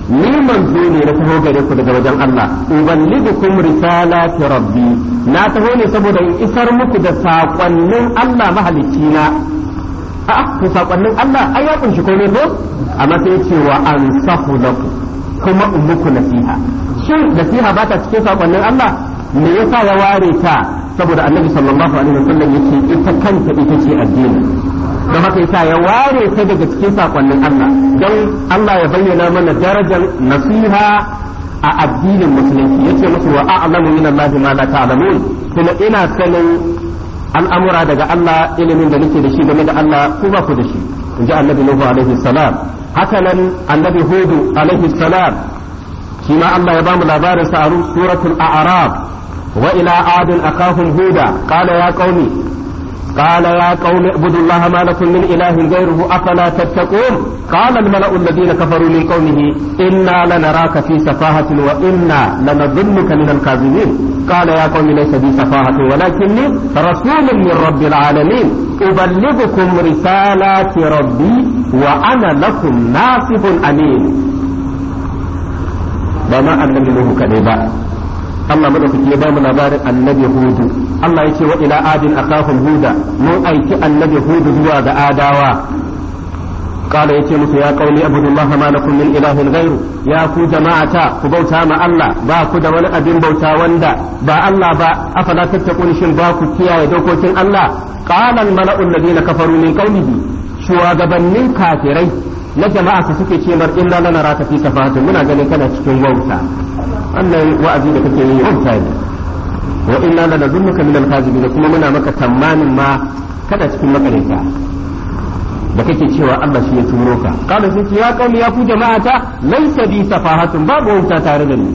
ni manzo ne na taho gare ku daga wajen Allah uballigukum risalati rabbi na taho ne saboda in isar muku da sakonnin Allah mahalicci na ku to sakonnin Allah an ya kunshi komai ko a matsayin cewa an sahu ku kuma umuku nasiha shin nasiha ba ta cikin sakonnin Allah me yasa ya ware ta saboda annabi sallallahu alaihi wasallam yake ita kanta ita ce addini don haka yasa ya ware ta daga cikin sakonnin Allah don Allah ya bayyana mana darajar nasiha a addinin musulunci yace musu wa a'lamu min Allah ma la ta'lamun kuma ina sanin al'amura daga Allah ilimin da nake da shi game da Allah ku ba ku da shi in ji annabi Nuhu alaihi salam haka nan annabi Hudu alaihi salam shi ma Allah ya bamu labarin sa a suratul a'raf wa ila adin akahum huda qala ya qaumi قال يا قوم اعبدوا الله ما لكم من إله غيره أفلا تتقون قال الملأ الذين كفروا من قومه إنا لنراك في سفاهة وإنا لنظنك من الكاذبين قال يا قوم ليس بي سفاهة ولكني رسول من رب العالمين أبلغكم رسالات ربي وأنا لكم ناصف أمين بما أن منه كذبا Allah madaukaki ya bamu labarin annabi hudu Allah yake wa ila adin kafin huda mun aiki annabi hudu zuwa ga adawa قال ya ce يا ya اعبدوا الله ما لكم من gairu ya fi jama'a ta ku bauta ma Allah ba ku da wani abin bauta wanda ba Allah ba afala tattaqun shin ba ku kiyaye dokokin Allah qala al mala'u alladhina kafaru min qawlihi shugabannin kafirai na jama'a su suke cewa mar illa lana raka fi muna ganin kana cikin wauta wannan wa'azi da kake yi wanta ne wa inna la nadunnuka min al-kazibin kuma muna maka tamanin ma kada cikin makaranta da kake cewa Allah shi ya turo ka kana sai ya kauli ya ku jama'ata laysa bi safahatun babu wanta tare da ni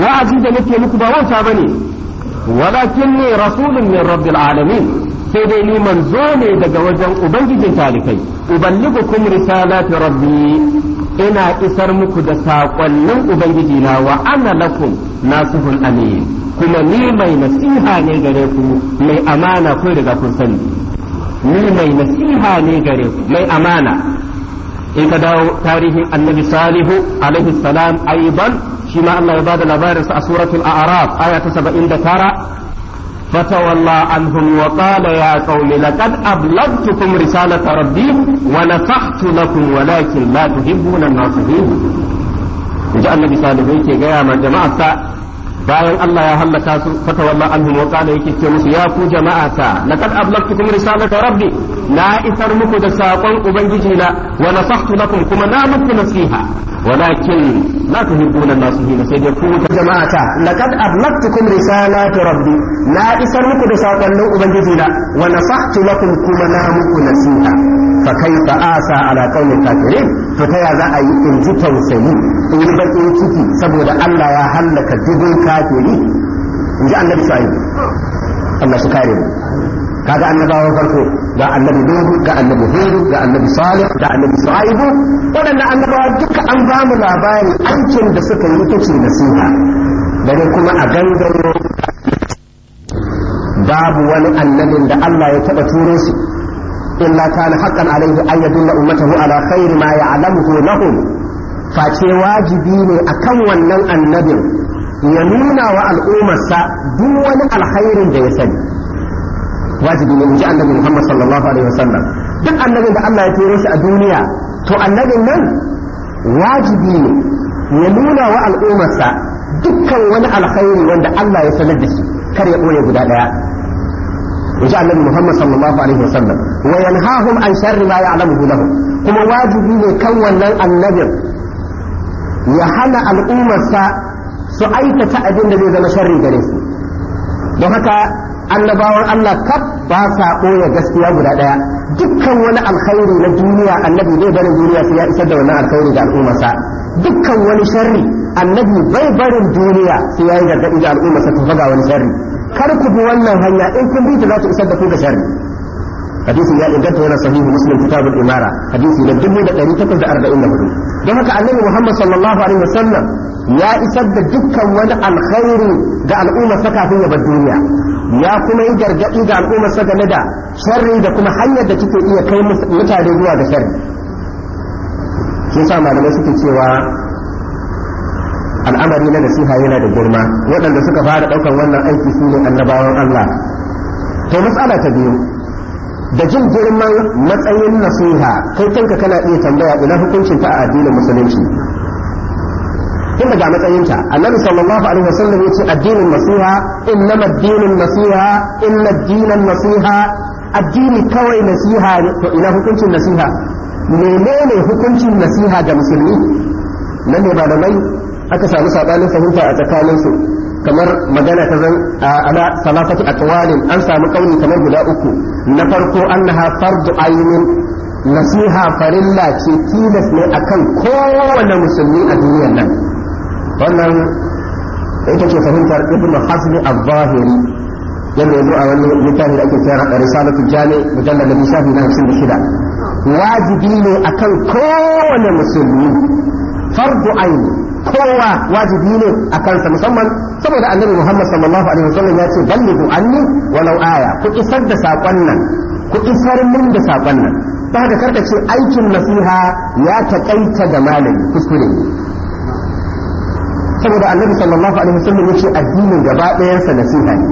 wa'azi da nake muku ba wanta bane walakinni rasulun min rabbil alamin sai dai ni manzo ne daga wajen ubangijin talikai uballighukum risalati rabbi ina isar muku da saƙonnin ubangiji na wa ana lakum nasuhun amin kuma ni mai nasiha ne gare ku mai amana ku riga kun sani ni mai nasiha ne gare ku mai amana in ka dawo tarihin annabi salihu alaihi salam aiban shi ma Allah ya bada labarinsa a suratul a'raf aya ta 79 فتولى عنهم وقال يا قوم لقد أبلغتكم رسالة ربي ونصحت لكم ولكن لا تحبون الناصحين جاء النبي صلى الله عليه وسلم يا جماعة bayan Allah ya hallaka su fatawalla anhum wa qala yake ce musu ya ku jama'ata laqad ablagtukum risalata rabbi na isar muku da saƙon ubangiji na wa na lakum kuma na muku nasiha walakin la tuhibbuna an-nasihin sai dai ku ta jama'ata ta laqad ablaqtukum risalati rabbi na isar muku da saƙonnin ubangiji na wa na lakum kuma na muku nasiha fa kaifa asa ala qaumi kafirin to ta ya za a yi in ji tausayi in yi ciki saboda Allah ya hallaka dubin kafiri in ji annabi shu'aib Allah shi kare mu kaga annabawan farko ga annabi Nuhu ga annabi Hudu ga annabi Salih ga annabi Shu'aibu waɗannan annabawa duka an ba mu labari aikin da suka yi ita ce nasiha Gare kuma a gangaro babu wani annabin da Allah ya taɓa turo shi illa kana haqqan alaihi an ummatahu ala khairi ma ya'lamuhu lahum face wajibi ne akan wannan annabin ya nuna wa al'ummarsa duk wani alkhairin da ya sani wajibi ne inji annabi Muhammad sallallahu alaihi wasallam duk annabin da Allah ya turo shi a duniya to annabin nan wajibi ne ya nuna wa al'ummarsa dukkan wani alkhairi wanda Allah ya sanar da shi kar ya ɓoye guda ɗaya inji annabi Muhammad sallallahu alaihi wasallam wa yanhahum an sharri ma ya'lamuhu lahum kuma wajibi ne kan wannan annabin ya hana al'ummarsa su aikata abin da zai zama sharri gare da haka annabawan Allah kaf ba sa ɓoye gaskiya guda ɗaya dukkan wani alkhairi na duniya annabi bai barin duniya sai ya isar da wannan alkhairi ga al'ummarsa dukkan wani sharri annabi bai barin duniya sai ya yi gargaɗi ga al'ummarsa to ga wani sharri kar ku bi wannan hanya in kun bi ta za ta isar da ku ga sharri hadisi ya inganta yana sahihu muslim kitabul imara hadisi da dubu da ɗari takwas da arba'in da hudu don haka annabi muhammad sallallahu alaihi wasallam ya isar da dukkan wani alkhairi ga al'ummarsa kafin ya bar duniya ya kuma yi gargaɗi ga al'ummar sa game da sharri da kuma hanyar da take iya kai mutane zuwa ga sharri shi sa malamai suke cewa al'amari na nasiha yana da girma waɗanda suka fara ɗaukar wannan aiki su ne annabawan Allah to matsala ta biyu da jin girman matsayin nasiha kai kanka kana iya tambaya ina hukuncin ta a addinin musulunci tun daga matsayinta annabi sallallahu alaihi wasallam yace addinin nasiha innama addinin nasiha inna addinan nasiha addini kawai nasiha to ina hukuncin nasiha menene hukuncin nasiha ga musulmi nan ne malamai aka samu sabanin fahimta a tsakaninsu kamar magana ta zan ala salafati aqwalin an samu kauni kamar guda uku na farko annaha fardu aynin nasiha farilla ce tilas ne akan kowane musulmi a duniyar nan wannan ita ce fahimtar ibn hazmi al-zahiri yadda yanzu a wani littafi da ake kira risalatu jami mujalla da mishafi na hamsin da shida wajibi ne akan kowane musulmi fardu aini kowa wajibi ne a kansa musamman saboda annabi muhammad sallallahu alaihi wasallam ya ce ballighu anni walau aya ku isar da sakon nan ku isar min da sakon nan ta haka karka ce aikin nasiha ya taƙaita da malami kuskure saboda annabi sallallahu alaihi wasallam yace addinin gaba ɗayan sa nasiha ne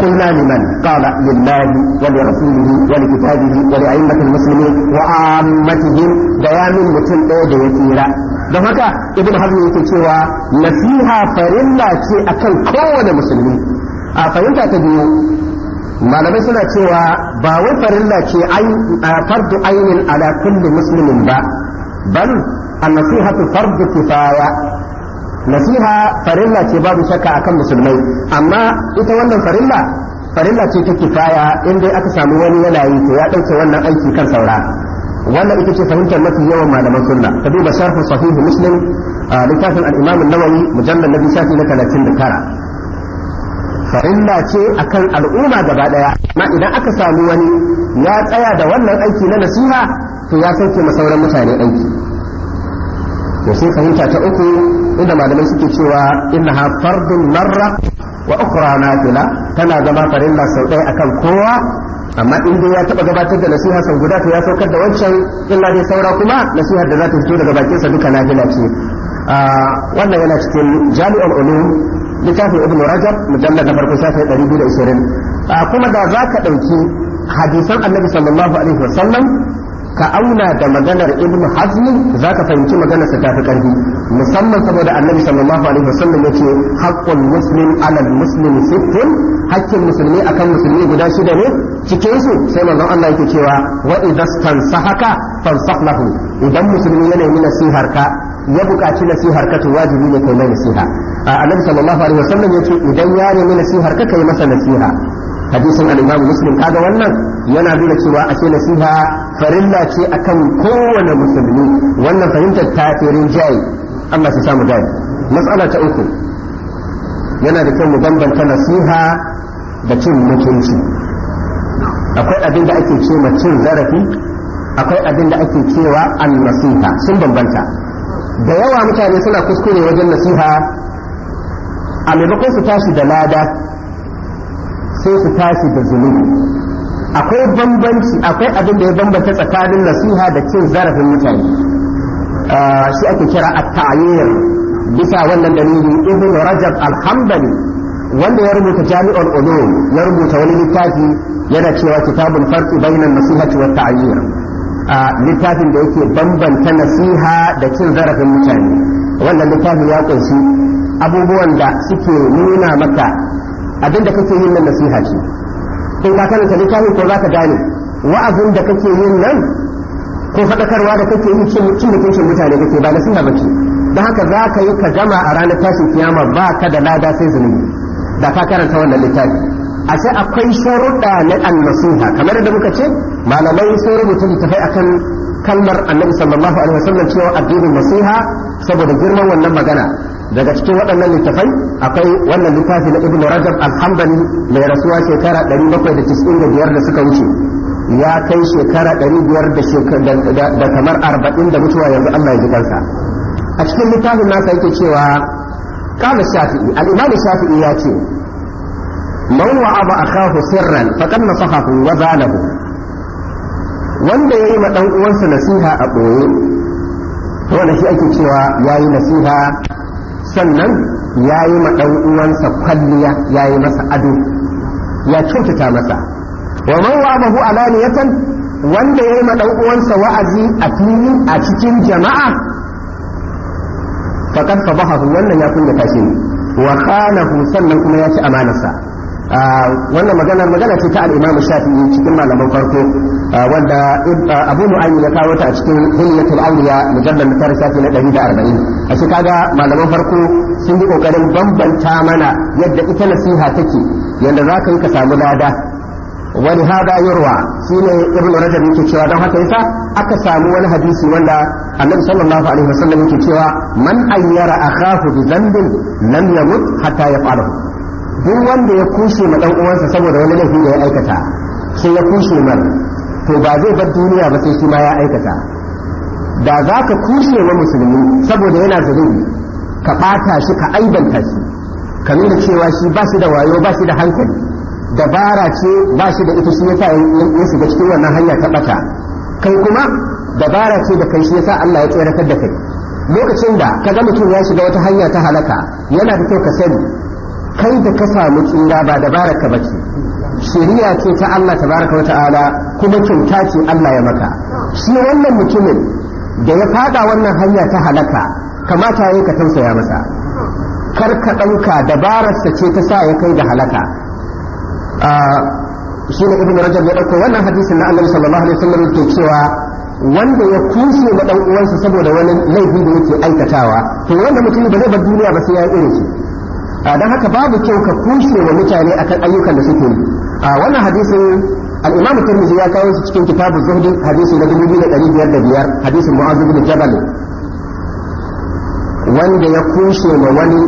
قلنا لمن قال لله ولرسوله ولكتابه ولأئمة المسلمين وعامتهم بيان mutum ɗaya da tsira. don haka ibn hazm yake cewa nasiha farilla ce akan kowane musulmi a fahimta ta biyu malamai suna cewa ba wai farilla ce fardu ainin ala kulli muslimin ba bal an nasihatu fardu kifaya nasiha farilla ce babu shakka akan musulmai amma ita wannan farilla farilla ce ta kifaya in dai aka samu wani yana yi to ya ɗauke wannan aiki kan saura wannan ita ce fahimtar mafi yawan malaman sunna ta duba sharhu sahihu muslim littafin al-imam an-nawawi mujallal nabi shafi na 39 farilla ce akan al'umma gaba daya amma idan aka samu wani ya tsaya da wannan aiki na nasiha to ya sauke ma sauran mutane aiki to sai fahimta ta uku inda malamai suke cewa innaha fardun marra wa ukhra nafila tana zama farilla sau ɗaya akan kowa amma in dai ya taba gabatar da nasiha sau guda to ya saukar da wancan illa dai saura kuma nasihar da za ta fito daga bakinsa duka nafila ce ah, wannan yana cikin jami'ul ulum littafin ibn rajab mujallad na farko shafi 220 ah, kuma da za ka ɗauki hadisan annabi sallallahu alaihi wasallam ka auna da maganar ibn hazmi za ka fahimci maganar sa tafi karbi musamman saboda annabi sallallahu alaihi wasallam yace haqqul muslim ala muslim sittun haƙƙin musulmi akan musulmi guda shida ne cike su sai manzon Allah yake cewa wa idza tansahaka fansahlahu idan musulmi yana yin nasihar ka ya buƙaci nasihar ka to wajibi ne kai mai nasiha annabi sallallahu alaihi wasallam yace idan ya nemi nasihar ka kai masa nasiha hadisin al-imam muslim kaga wannan yana nuna cewa ashe nasiha farilla ce akan kowane musulmi wannan fahimtar tafirin jayi Allah ya samu dai matsala ta uku yana da kyau mu bambanta nasiha da cin mutunci akwai abin da ake ce ma cin zarafi akwai abin da ake cewa an-nasiha sun bambanta da yawa mutane suna kuskure wajen nasiha a maimakon su tashi da lada sai su tashi da zunubi akwai bambanci akwai abin da ya bambanta tsakanin nasiha da cin zarafin mutane ah, shi ake kira at bisa wannan dalili ibn rajab al wanda ya rubuta jami'ul ulum ya rubuta wani littafi yana cewa kitabul farqi bainan nasihati wa ta'yir ah, littafin da yake bambanta nasiha da cin zarafin mutane wannan littafin ya kunshi abubuwan da suke nuna maka abin da kake yin nan nasiha ce in ka ta littafin ko za ka gane wa'azin da kake yin nan ko faɗakarwa da kake yi cin kinshin mutane kake ba nasiha ba ce da haka za ka yi ka jama a ranar tashin kiyama ba ka da lada sai zunubi da ka karanta wannan littafi sai akwai sharuɗa na annasiha kamar da muka ce malamai sun rubuta littafai akan kalmar annabi sallallahu alaihi wasallam cewa addinin nasiha saboda girman wannan magana daga cikin waɗannan littafai akwai wannan littafi na ibn rajab alhambali mai rasuwa shekara 795 da suka wuce ya kai shekara 500 da kamar 40 da mutuwa yanzu Allah ya ji kansa a cikin littafin nasa yake cewa kama shafi'i al-imam shafi'i ya ce man wa'aba akahu sirran faqad nasahahu wa zalahu wanda yayi ma dan uwansa nasiha a boye wanda shi ake cewa yayi nasiha sannan ya yi ma ɗan uwansa kwalliya ya yi masa ado ya cututa masa wa man wa'adahu alaniyatan wanda ya yi ma ɗan uwansa wa'azi a fili a cikin jama'a faqad fadahahu wannan ya kunya kashi ne wa khanahu sannan kuma ya ci amanarsa ah, wannan magana magana ce ta al-Imam Shafi'i cikin malaman farko wanda abu mu'ayyi ya kawo ta a cikin hilyatul awliya mujallal na ɗari na 140 a shi kaga malaman farko sun yi kokarin bambanta mana yadda ita nasiha take yadda za ka yi ka samu lada wani hada yurwa shine ibn rajab yake cewa don haka yasa aka samu wani hadisi wanda annabi sallallahu alaihi wasallam yake cewa man ayyara akhahu bi dhanbin lam yamut hatta duk wanda ya kushe ma dan uwansa saboda wani laifi da ya aikata sai ya kushe mana to ba zai bar duniya ba sai shi ma ya aikata da za ka kushe wa musulmi saboda yana zurin ka ɓata shi ka aibanta shi ka nuna cewa shi ba shi da wayo ba shi da hankali dabara ce ba shi da ita shi yasa ya shiga cikin wannan hanya ta ɓata kai kuma dabara ce da kai shi yasa Allah ya tseratar da kai lokacin da ka ga mutum ya shiga wata hanya ta halaka yana da kyau ka sani kai da ka samu tsira ba dabarar ka bace shari'a ce ta Allah tabaraka wa ta'ala kuma kyauta ce Allah ya maka shi wannan mutumin da ya fada wannan hanya ta halaka kamata ya yi ka tausaya masa kar ka ɗauka dabararsa ce ta sa ya kai da halaka shi ne ibn rajab ya ɗauko wannan hadisin na annabi sallallahu alaihi wasallam ke cewa wanda ya kushe ga dan uwansa saboda wani laifi da yake aikatawa to wanda mutum ba zai bar duniya ba sai ya irin shi don haka babu kyau ka kushe wa mutane akan ayyukan da suke yi wannan hadisin al-imam ya kawo shi cikin kitabu zuhdi hadisi na 2505 hadisin mu'adh bin jabal wanda ya kushe ma wani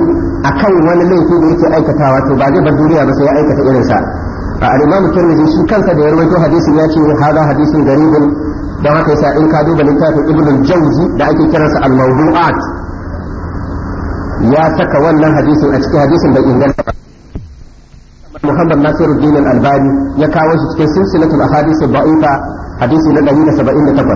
akan wani laifi da yake aikatawa to ba zai bar duniya ba sai ya aikata irinsa al-imam tirmidhi shi kansa da ya rawaito hadisin ya ce haza hadisin garibin don haka yasa in ka duba littafin ibnu jawzi da ake kiransa al ya saka wannan hadisin a inganta Muhammad Nasiru Dinin Albani ya kawo shi cikin silsilatul ahadisi ba'ifa hadisi na 178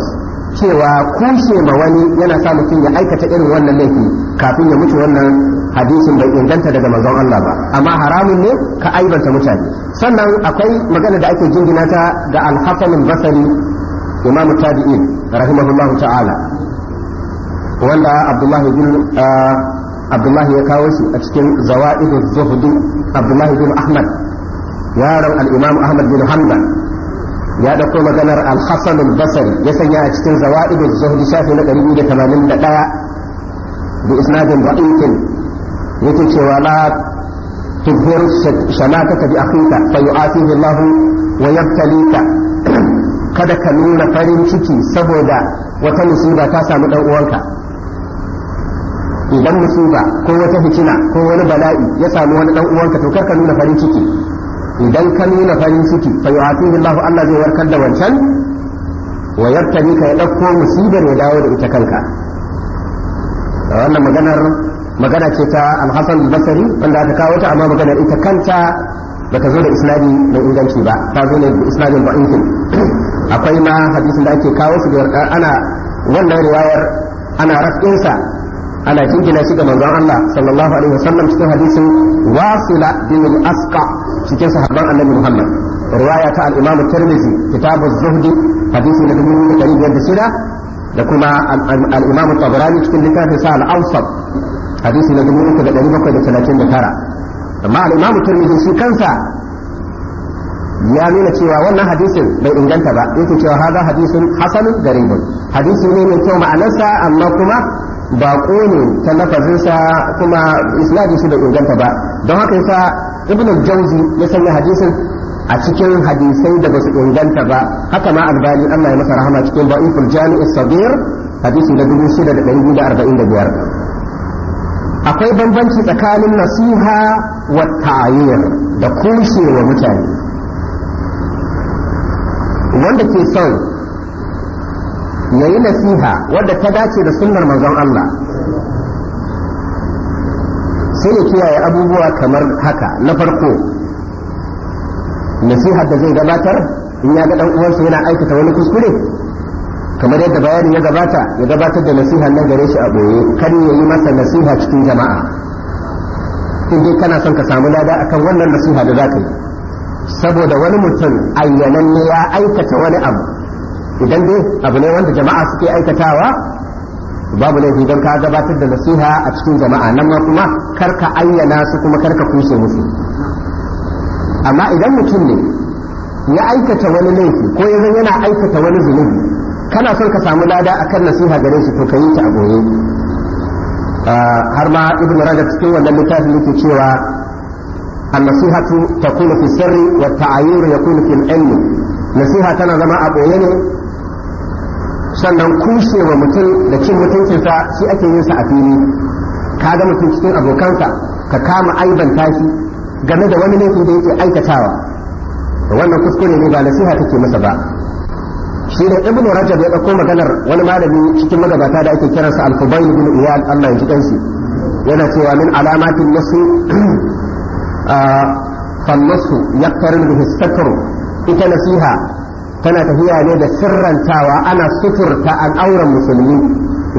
cewa kushe ma wani yana sa mutum ya aikata irin wannan laifi kafin ya mutu wannan hadisin bai inganta daga manzon Allah ba amma haramun ne ka aibanta mutane sannan akwai magana da ake jingina ta ga al-Hasan al-Basri imam tabi'in rahimahullahu ta'ala wanda Abdullahi bin ah, abdullahi ya kawo shi a cikin zawa'idu zuhudi abdullahi bin ahmad yaron al-imam ahmad bin hanbal ya dauko maganar al-hasan al-basri ya sanya a cikin zawa'idu zuhudi shafi na 281 bi isnadin da'ifin yake cewa la تظهر شماتك بأخيك فيعافيه الله ويبتليك kada ka nuna farin ciki saboda wata musiba ta samu dan uwanka idan musiba ko wata fitina ko wani bala'i ya samu wani dan uwanka to kar ka nuna farin ciki idan ka nuna farin ciki fa yu'atihi Allahu Allah zai warkar da wancan wa yartani ka ya dauko musibar ya dawo da ita kanka wannan maganar magana ce ta Al-Hasan al-Basri wanda aka kawo ta amma maganar ita kanta baka zo da islami mai inganci ba ta zo ne da ba da'ifin akwai ma hadisin da ake kawo su ana wannan riwayar ana rafinsa ana jingina shi ga manzon Allah sallallahu alaihi wasallam cikin hadisin wasila bin asqa cikin sahabban annabi Muhammad riwaya ta al-Imam Tirmidhi kitabu zuhdi hadisi na 1506 da da. kuma al-Imam Tabarani cikin littafin sa al-Awsat hadisi na tara. amma al-Imam Tirmidhi shi kansa ya nuna cewa wannan hadisin bai inganta ba yake cewa haza hadisin hasanun garibun hadisi ne mai kyau ma'anarsa amma kuma baƙo ne ta lafazinsa kuma isnadin shi bai inganta ba don haka yasa ibn jauzi ya sanya hadisin a cikin hadisai da basu inganta ba haka ma albani Allah ya masa rahama cikin da'iful jami'is sabir hadisi da 6245 akwai bambanci tsakanin nasiha wa ta'ayir da kushewa mutane wanda ke son yayi nasiha wadda ta dace da sunnar manzon Allah sai ya kiyaye abubuwa kamar haka na farko nasiha da zai gabatar in ya ga dan uwansa yana aikata wani kuskure kamar yadda bayanin ya gabata ya gabatar da nasiha nan gare shi a boye kan ya yi masa nasiha cikin jama'a in dai kana son ka samu lada akan wannan nasiha da za ka yi saboda wani mutum ne ya aikata wani abu idan dai abu ne wanda jama'a suke aikatawa babu ne idan ka gabatar da nasiha a cikin jama'a nan ma kuma karka ayyana su kuma karka kushe musu amma idan mutum ne ya aikata wani laifi ko ya yana aikata wani zunubi kana son ka samu lada akan nasiha gare shi to ka yi ta a goye ah, har ma ibn rajab cikin wannan littafin yake cewa النصيحة تكون في السر والتعاير يكون في العلم نصيحة أنا زما أبو sannan wa mutum da cin mutuncinsa shi ake yin sa a fili ka ga mutum cikin abokansa ka kama aiban tashi game da wani laifin da yake aikatawa wannan kuskure ne ba nasiha take masa ba shi da ibnu rajab ya dauko maganar wani malami cikin magabata da ake kiransa al-fubayl ibn iyad Allah ya ji kansa yana cewa min alamatin nasu فالنص يقترن به الستر ita nasiha tana tafiya ne da sirrantawa ana suturta auren musulmi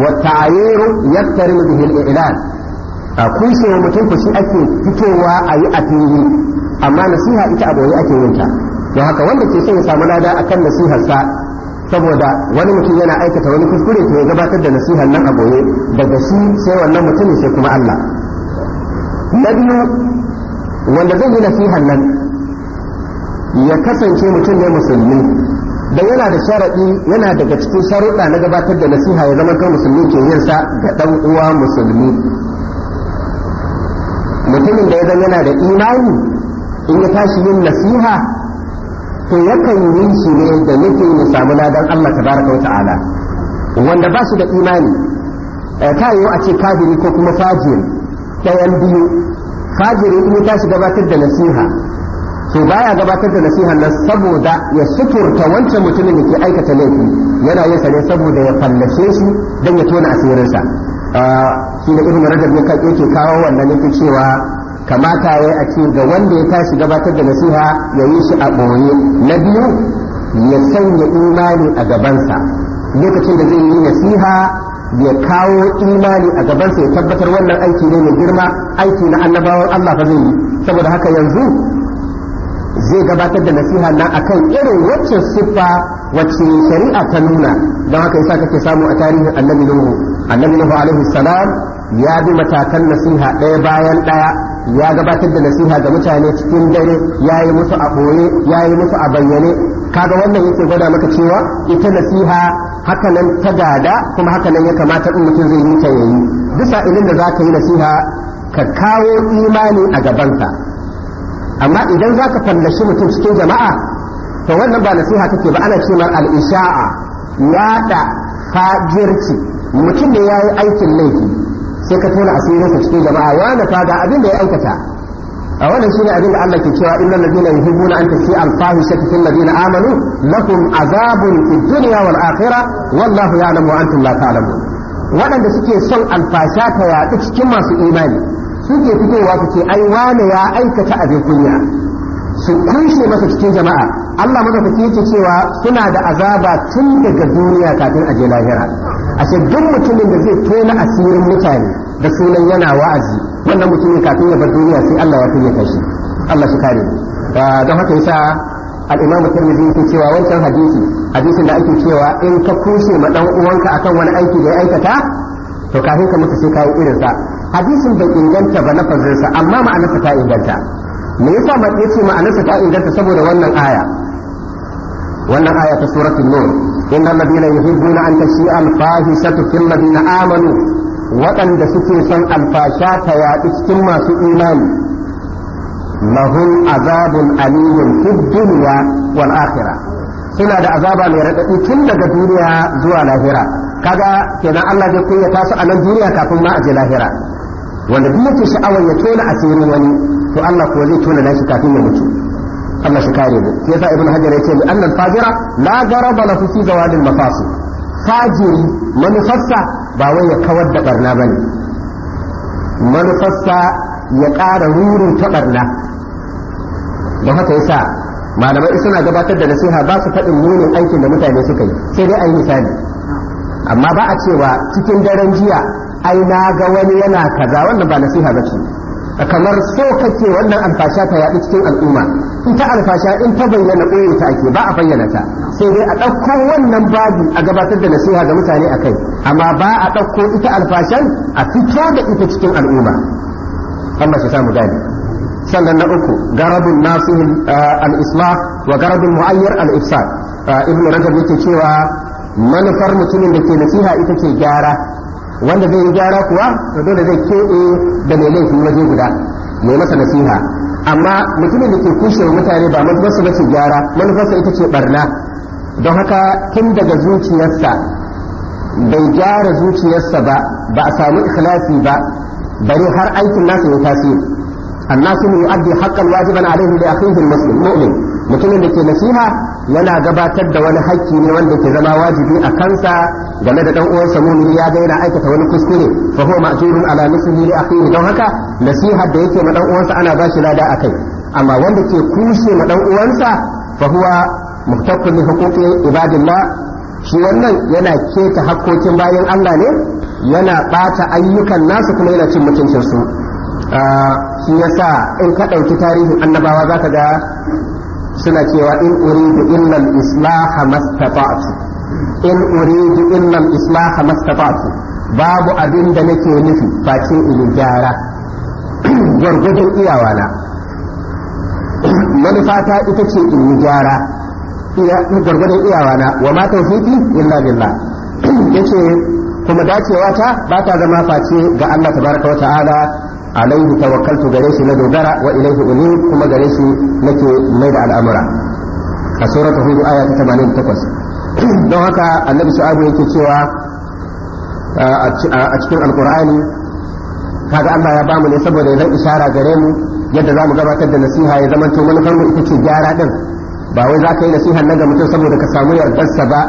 wa ta'ayiru yaktari bihi al-i'lan a wa mutum ku shi ake fitowa a yi a fili amma nasiha ita a boye ake yin ta don haka wanda ke son ya samu lada akan sa saboda wani mutum yana aikata wani kuskure to ya gabatar da nasihar nan a daga shi sai wannan mutum sai kuma Allah na biyu wanda zai yi nasihar nan ya kasance mutum ne musulmi da yana da sharaɗi yana daga cikin sharuɗa na gabatar da nasiha ya zama kan musulmi ke yin sa ga dan uwa musulmi mutumin da ya zama yana da imani in ya tashi yin nasiha to yakan yi shi ne da nufin ya samu ladan Allah tabaraka wa ta'ala wanda ba su da imani eh, ta yiwu a ce kafiri ko kuma fajiri ɗayan biyu fajiri in ya tashi gabatar da nasiha to baya gabatar da nasiha nan saboda ya suturta wancan mutumin da ke aikata laifi yana yin ne saboda ya fallace shi don ya tona asirinsa ah, shi da irin rajab ya yake kawo wannan yake cewa kamata ya a ce ga wanda ya tashi gabatar da nasiha ya yi shi a ɓoye na biyu ya sanya imani a gabansa lokacin da zai yi nasiha ya kawo imani a gabansa ya tabbatar wannan aiki ne mai girma aiki na annabawan Allah ba zai yi saboda haka yanzu zai gabatar da nasiha na akan irin wacce siffa wacce shari'a ta nuna don haka yasa kake samu a tarihin annabi nuhu annabi nuhu alaihi salam ya bi matakan nasiha ɗaya bayan ɗaya ya gabatar da nasiha ga mutane cikin dare ya yi musu a ɓoye ya yi musu a bayyane kaga wannan yake gwada maka cewa ita nasiha haka nan ta gada kuma haka nan ya kamata in mutum zai yi ta yayi duk sa'ilin da za ka yi nasiha ka kawo imani a gabanka amma idan za ka fallashi mutum cikin jama'a to wannan ba nasiha take ba ana cewar al'isha'a yaɗa fajirci mutum ne ya yi aikin laifi sai ka tona asirinsa cikin jama'a wani fada abin da ya aikata a wannan shine abin da Allah ke cewa innal ladina yuhibbuna an tasi al fahishatu fil ladina amanu lakum azabun fid dunya wal akhirah wallahu ya'lamu wa antum la ta'lamun waɗanda suke son alfasha ta yaɗu cikin masu imani suke fitowa su ce ai wane ya aikata abin kunya su kunshe masa cikin jama'a Allah madaukaki ce cewa suna da azaba tun daga duniya kafin aje lahira ashe duk mutumin da zai tona asirin mutane da sunan yana wa'azi wannan mutumin kafin ya bar duniya sai Allah ya kashi Allah shi kare don haka yasa al-Imam Tirmidhi yake cewa wancan hadisi hadisin da ake cewa in ka kushe ma dan uwanka akan wani aiki da ya aikata to kafin ka mutu sai ka yi irinsa hadisin bai inganta ba lafazinsa amma ma'anarsa ta inganta me yasa ma yace ma'anarsa ta inganta saboda wannan aya wannan aya ta suratul nur innal ladina yuhibbuna an tashi'a al-fahishatu fil ladina amanu waɗanda suke son alfasha ta yaɗu cikin masu imani lahum azabun aliyyun fid dunya wal akhirah suna da azaba mai raɗaɗi tun daga duniya zuwa lahira kaga kenan Allah zai kunyata su a nan duniya kafin ma a je lahira wanda duk yake sha'awar ya tona asirin wani to Allah ko zai tona nashi kafin ya mutu Allah shi kare mu sai sa ibnu hajar yace bi annal fajira la garaba lahu fi zawadil mafasi fajiri manufarsa ba wai ya kawar da barna bane manufarsa ya ƙara rurin ta barna don haka yasa malamai suna gabatar da nasiha ba su faɗin munin aikin da mutane suka yi sai dai a yi misali amma ba a cewa cikin daren jiya ai na ga wani yana kaza wannan ba nasiha ba ce kamar so kake wannan alfasha ta yaɗu cikin al'umma ita alfasha in ta bayyana ɓoye ake ba a bayyana ta sai dai a ɗauko wannan babu a gabatar da nasiha ga mutane a kai amma ba a ɗauko ita alfashan a fito da ita cikin al'umma Allah shi samu gani sannan na uku garabin nasihin eh, al-islah wa garabin mu'ayyar al-ifsad eh, ibnu rajab yake cewa manufar mutumin da ke nasiha ita ce gyara wanda zai yi gyara kuwa to dole zai keɓe da mai laifin waje guda mai masa nasiha amma mutumin da ke kushe mutane ba manufarsa ba ce gyara manufarsa ita ce barna don haka tun daga zuciyarsa bai gyara zuciyarsa ba ba a samu ikhlasi ba Bari har aikin nasa ya tasiri annasu yu'addi haqqan wajiban alaihi li akhihi al-muslim mu'min mutumin da ke nasiha yana gabatar da wani hakki ne wanda ke zama wajibi a kansa game da dan uwansa mumin ya ga yana aikata wani kuskure fa huwa ma'zurun ala mislihi li akhihi don haka nasiha da yake ma dan uwansa ana ba shi lada akai amma wanda ke kushe ma dan uwansa fa huwa muhtaqin li huquqi ibadillah shi wannan yana keta hakkokin bayan Allah ne yana bata ayyukan nasu kuma yana cin mutuncin su ah, shi yasa in ka ɗauki tarihin annabawa zaka ga suna cewa in uridu illa al-islah mastata'tu in uridu illa al-islah mastata'tu babu abin da nake nufi face in gyara gwargwadon iyawana manufata ita ce in yi gyara gwargwadon iyawana wa ma tawfiqi illa billah yace kuma dacewa ta ba ta zama face ga Allah tabaraka wa ta'ala alaihi tawakkaltu gare shi na dogara wa ilaihi kuma gare shi nake mai da al'amura a surata hudu aya ta 88 don haka annabi shu'abu yake cewa a cikin alqur'ani kaga Allah ya bamu ne saboda ya zan ishara gare mu yadda za mu gabatar da nasiha ya zama to manufar mu ita ce gyara din ba wai za ka yi nasiha na ga mutum saboda ka samu yardarsa ba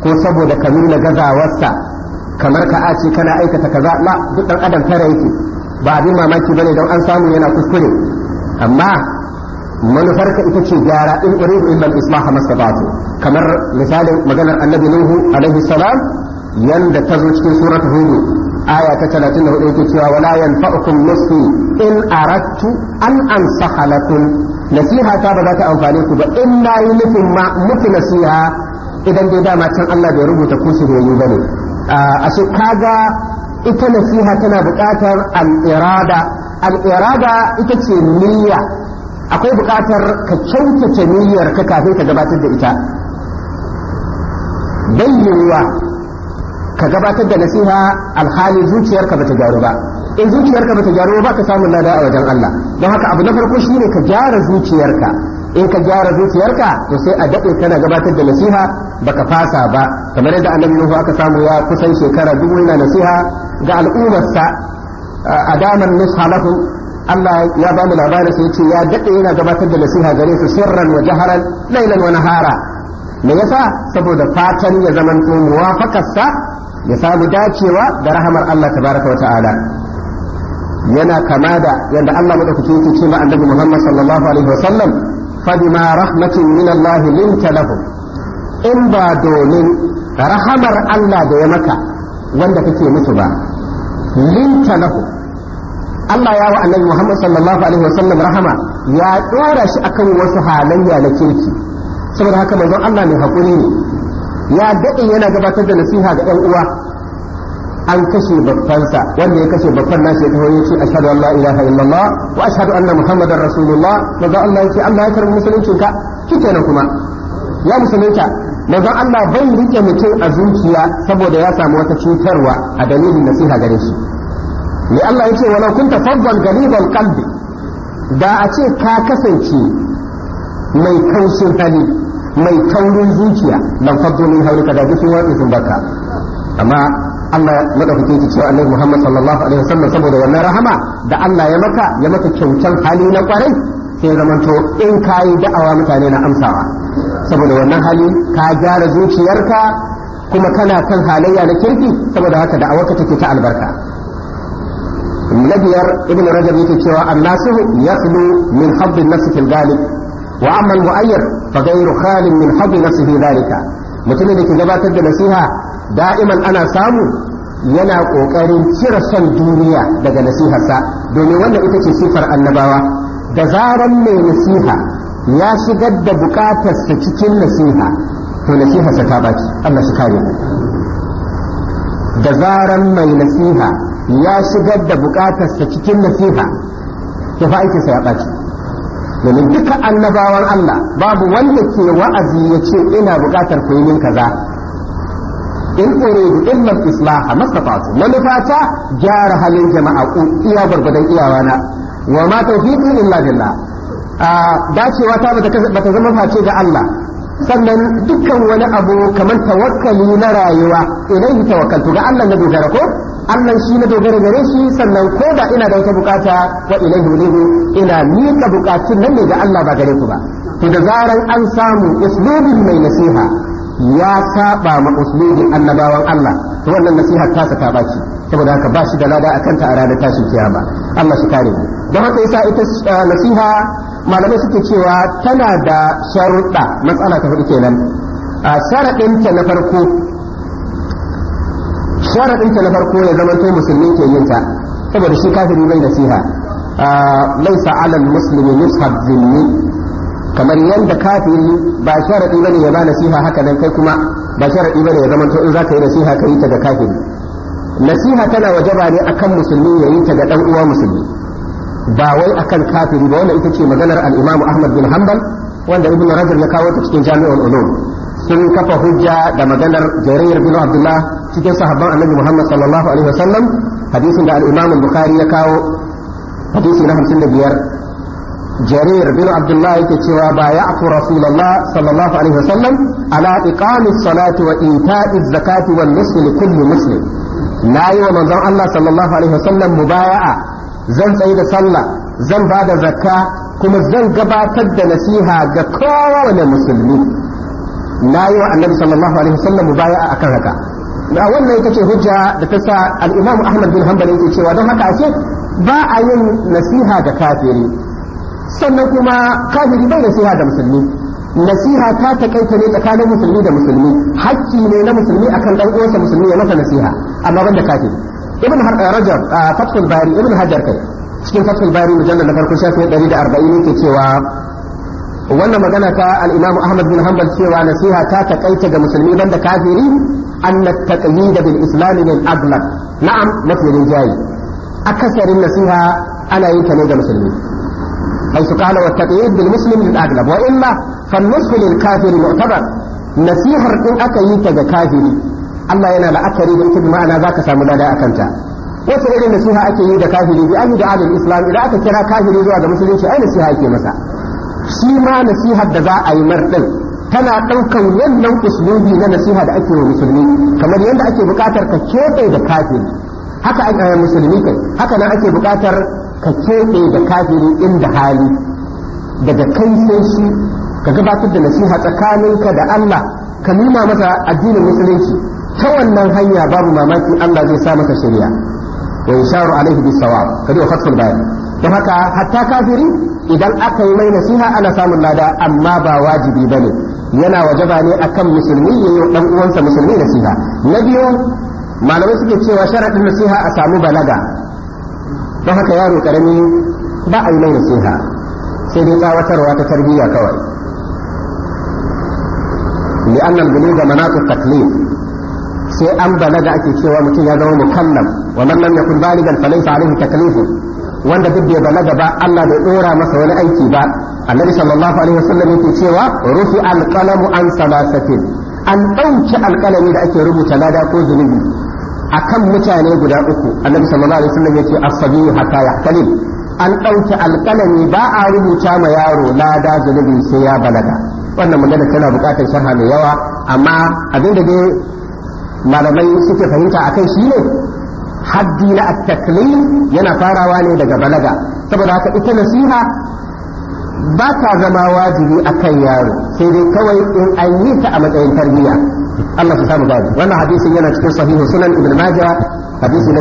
ko saboda ka nuna gazawarsa kamar ka ace kana aikata kaza la duk dan adam tare ba abin mamaki bane don an samu yana kuskure amma manufarka ita ce gyara in uridu illa al-islah mastata'tu kamar misalin maganar annabi nuhu alaihi salam yanda ta zo cikin surat hudu aya ta 34 yake cewa wala yanfa'ukum nusi in aradtu an ansaha lakum nasiha ta ba za ta amfane ku ba in na yi nufin ma muku nasiha idan dai dama can Allah bai rubuta ku su bane a ah, su kaga ita nasiha tana buƙatar al'irada al'irada ita ce niyya akwai buƙatar ka kyautata niyyar ka kafin ka gabatar da ita bayyanwa ka gabatar da nasiha alhali zuciyarka bata gyaru ba in zuciyarka bata gyaru ba ka samu lada a wajen Allah don haka abu na farko shine ka gyara zuciyarka in ka gyara zuciyarka to sai a daɗe kana gabatar da nasiha baka fasa ba kamar yadda annabi Nuhu aka samu ya kusan shekara dubu yana nasiha ga al'ummarsa a daman nusha lahum Allah ya ba mu labarin sai ce ya daɗe yana gabatar da nasiha gare su sirran wa jaharan lailan wa nahara me yasa saboda fatan ya zaman to muwafakarsa ya samu dacewa da rahamar Allah tabaraka wa ta'ala yana kama da yadda Allah madaukaki yake cewa annabi Muhammad sallallahu alaihi wa sallam fa bima rahmatin min Allah linta in ba domin rahamar Allah da ya maka wanda kake mutu ba linta lahu Allah ya wa annabi Muhammad sallallahu alaihi wasallam rahama ya dora shi akan wasu halayya na kirki saboda haka manzon Allah mai hakuri ne ya daɗe yana gabatar da nasiha ga 'yan uwa an kashe babbansa wanda ya kashe babban nashi ya taho ya ce ashhadu an la ilaha illallah wa ashhadu anna muhammadar rasulullah manzon Allah ya ce Allah ya karbi musuluncin ka kike kuma ya musulunta manzon Allah bai rike mutum a zuciya saboda ya samu wata cutarwa a dalilin nasiha gare shi me Allah ya ce wala kunta fadwan galibal qalbi da a ce ka kasance mai kaushin hali mai taurin zuciya dan faddu min haulika da duk wani sun baka amma Allah madaukakin ki cewa Annabi Muhammad sallallahu alaihi wasallam saboda wannan rahama da Allah ya maka ya maka kyautan hali na kwarai sai zamanto in ka yi da'awa mutane na amsawa saboda wannan hali ka gyara zuciyarka kuma kana kan halayya na kirki saboda haka da'awarka take ta albarka na biyar ibn rajab yake cewa annasuhu yaslu min hadd nafsi fil galib wa amma al-mu'ayyir fa ghayru khalin min hadd dhalika mutumin da ke gabatar da nasiha da'iman ana samu yana ƙoƙarin cire son duniya daga nasiharsa domin wannan ita ce sifar annabawa da zaran mai nasiha ya shigar da bukatarsa cikin nasiha to nasiharsa ta baki Allah shi kare da zaran mai nasiha ya shigar da bukatarsa cikin nasiha to fa aikinsa ya baki domin duka annabawan Allah babu wanda ke wa'azi ya ce ina bukatar koyin kaza in uridu illa islaha mastata'tu manufata gyara halin jama'a ku iya gwargwadon iyawana wa ma tawfiqi illa billah dacewa ta bata zama face ga Allah sannan dukkan wani abu kamar tawakkali na rayuwa yi tawakkaltu ga Allah na dogara ko Allah shi na dogara gare shi sannan ko da ina da wata bukata wa ilaihi ulihu ina miƙa bukatun nan ne ga Allah ba gare ku ba to da zaran an samu uslubin mai nasiha ya saba ma uslubin annabawan Allah to wannan nasiha ta ta baci saboda haka ba shi da lada a ta a ranar tashin kiyama Allah shi kare mu don haka yasa ita uh, nasiha malamai suke cewa tana da sharuɗa matsala ta hudu kenan a ta na farko sharaɗinta na farko ya zama to musulmi ke yin ta saboda shi kafiri mai nasiha laisa alal muslimi yushab zinni kamar yadda kafiri ba sharaɗi bane ya ba nasiha haka nan kai kuma ba sharaɗi bane ya zama to in zaka yi nasiha ka yi ta ga kafiri nasiha tana wajaba ne akan musulmi yayi ta ga dan uwa musulmi ba wai akan kafiri ba wannan ita ce maganar al-Imam Ahmad bin Hanbal wanda Ibn Rajab ya kawo ta cikin Jami'ul Ulum sun kafa hujja da maganar Jarir bin Abdullah cikin sahabban Annabi Muhammad sallallahu alaihi wasallam hadisin da al-Imam Bukhari ya kawo hadisi na 55 jarir bin abdullah yake cewa ba ya aku rasulullah sallallahu alaihi wasallam ala iqamis salati wa ita'iz zakati wal muslim kullu muslim nayi wa manzon Allah sallallahu alaihi wasallam mubaya'a zan tsayi da sallah zan ba da zakka kuma zan gabatar da nasiha ga kowane musulmi nayi wa annabi sallallahu alaihi wasallam haka wannan ita ce hujja da ta sa al Ahmad bin Hanbal yake cewa don haka ake ba a yin nasiha ga kafiri sannan kuma kafiri bai nasiha da musulmi nasiha ta takaita ne tsakanin musulmi da musulmi hakki ne na musulmi akan dan uwansa musulmi ya masa nasiha amma ban da kafiri ibn eh, rajab eh, fathul bari ibn hajar kai cikin fathul bari mujallal na farko shafi 140 yake cewa wannan magana ta al-imam ahmad bin hanbal cewa nasiha ta takaita ga musulmi ban da kafiri أن التقييد بالإسلام للأغلب نعم مثل الجاي ana yin ta ne ga musulmi. حيث قال والتقييد بالمسلم للأغلب وإلا فالنصح للكافر معتبر نصيحة إن أكيد كافري الله ينا لأكري بإنك بمعنى ذاك سامنا لا أكنت wata irin nasiha ake yi da kafiri bi an da alil islam da aka kira kafiri zuwa ga musulunci ai nasiha ake masa shi ma nasihar da za a yi mar tana ɗaukan wannan uslubi na nasiha da ake wa musulmi kamar yadda ake buƙatar ka keɓe da kafiri haka kai haka nan ake buƙatar ka keɓe da kafiri inda hali daga kai sai shi ka gabatar da nasiha tsakaninka da Allah ka nuna masa addinin musulunci ta wannan hanya babu mamaki Allah zai sa masa shari'a wa yasharu alaihi bisawab kadi wa fatul bayan dan haka hatta kafiri idan aka yi mai nasiha ana samun lada amma ba wajibi bane yana wajaba ne akan musulmi yayin dan uwansa musulmi nasiha na biyu malamai suke cewa sharadin nasiha a samu balaga don haka yaro karami ba a yi mai nasiha sai dai tsawatarwa ta tarbiyya kawai li'an al-bulu manatu taklif sai an balaga ake cewa mutum ya zama mukallaf wa man lam yakun baligan fa laysa alayhi taklifun wanda duk bai balaga ba Allah bai dora masa wani aiki ba annabi sallallahu alaihi wasallam yake cewa rufi al-qalamu an salasatin an dauki alkalami da ake rubuta lada ko zunubi akan mutane guda uku annabi sallallahu alaihi wasallam yace as Haka hatta yahtalim an ɗauki alƙalami ba a rubuta ma yaro lada zunubi sai ya balaga wannan magana tana bukatar sharha mai yawa amma abin da dai malamai suke fahimta akan shi ne haddi na at yana farawa ne daga balaga saboda haka ita nasiha ba ta zama wajibi akan yaro sai dai kawai in an yi ta a matsayin tarbiyya Allah su samu gani wannan hadisin yana cikin sahihu sunan ibn majah hadisi na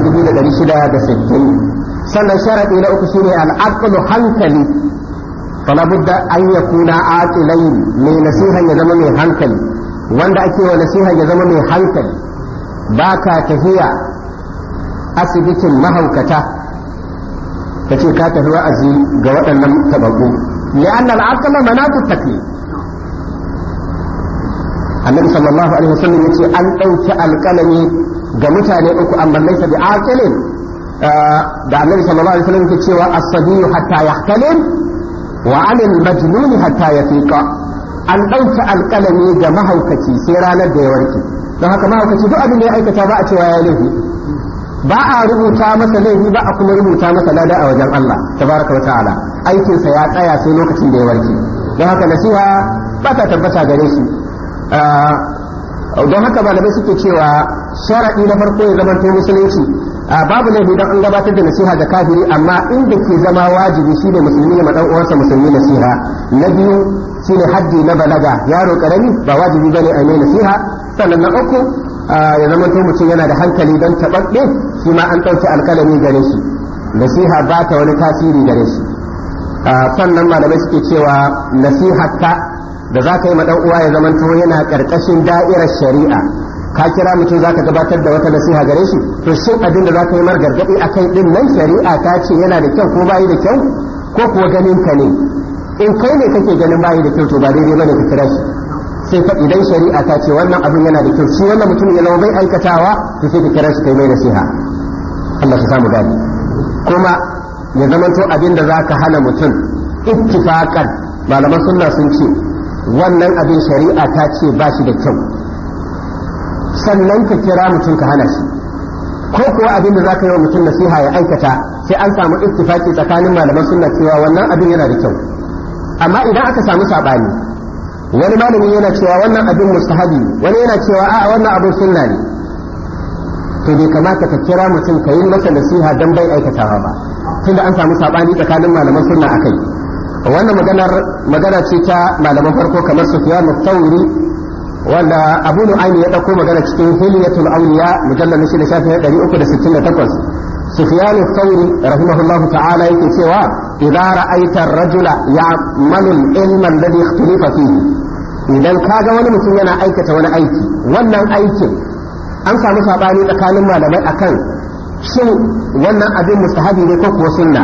sittin. sannan sharadi na uku shine al-aqlu hankali fala budda an yakuna aqilain mai nasiha ya zama mai hankali wanda ake wa nasiha ya zama mai hankali ba ka tafiya asibitin mahaukata ka ce ka tafi wa'azi ga waɗannan tababbu لأن العقل مناط التكليف annabi sallallahu alaihi wasallam yace an ɗauki alƙalami ga mutane uku amma laisa bi aqilin da annabi sallallahu alaihi wasallam yake cewa as-sabiyu hatta yahtalim wa majnuni hatta an ɗauki alƙalami ga mahaukaci sai ranar da ya warke don haka mahaukaci duk abin da ya aikata ba a cewa ya laifi ba a rubuta masa laifi ba a kuma rubuta masa lada a wajen Allah ta tabaraka wata ala. aikinsa ya tsaya sai lokacin da ya warke don haka nasiha ba ta tabbata gare shi ah, don haka malamai suke cewa sharaɗi na farko ya zama musulunci ah, babu laifi don an gabatar da nasiha da kafiri amma inda ke zama wajibi shi ne musulmi ya maɗan uwarsa musulmi nasiha na biyu shi ne haddi na balaga yaro karami ba wajibi ba ne a mai nasiha sannan na uku ya zama to mutum yana da hankali don taɓaɓɓe shi ma an ɗauki alƙalami gare shi nasiha ba ta wani tasiri gare shi sannan malamai suke cewa nasiha ta da za ka yi ma uwa ya zama to yana ƙarƙashin da'irar shari'a ka kira mutum za ka gabatar da wata nasiha gare shi to shin abin da za ka yi mar gargaɗi a kai ɗin nan shari'a ta ce yana da kyau ko bayi da kyau ko kuwa ganin ka ne in kai ne kake ganin bayi da kyau to ba daidai bane ka kira shi sai fa idan shari'a ta ce wannan abin yana da kyau shi wannan mutum ya zama bai aikatawa to sai ka kira shi kai mai nasiha Allah ya samu dadi kuma ya to abin da zaka hana mutum ittifaqan malaman sunna sun ce wannan abin shari'a ta ce ba shi da kyau sannan ka kira mutum ka hana shi ko kuwa abin da zaka yi wa mutum nasiha ya aikata sai an samu ittifaqi tsakanin malaman sunna cewa wannan abin yana da kyau amma idan aka samu sabani wani malami yana cewa wannan abin mustahabi wani yana cewa a wannan abin sunna ne to bai kamata ka kira mutum ka yi masa nasiha dan bai aikatawa ba tunda an samu sabani tsakanin malaman sunna akai wannan maganar magana ce ta malaman farko kamar Sufyan al-Thawri wanda Abu Nu'aym ya dauko magana cikin Hilyatul Awliya mujallal na shida shafi 368 Sufyan al-Thawri rahimahullahu ta'ala yake cewa idza ra'aita ar-rajula ya'malu al-ilma alladhi ikhtalifa fihi idan ka ga wani mutum yana aikata wani aiki wannan aikin an samu sabani tsakanin malamai akan shin wannan abin mustahabi ne ko kuwa sunna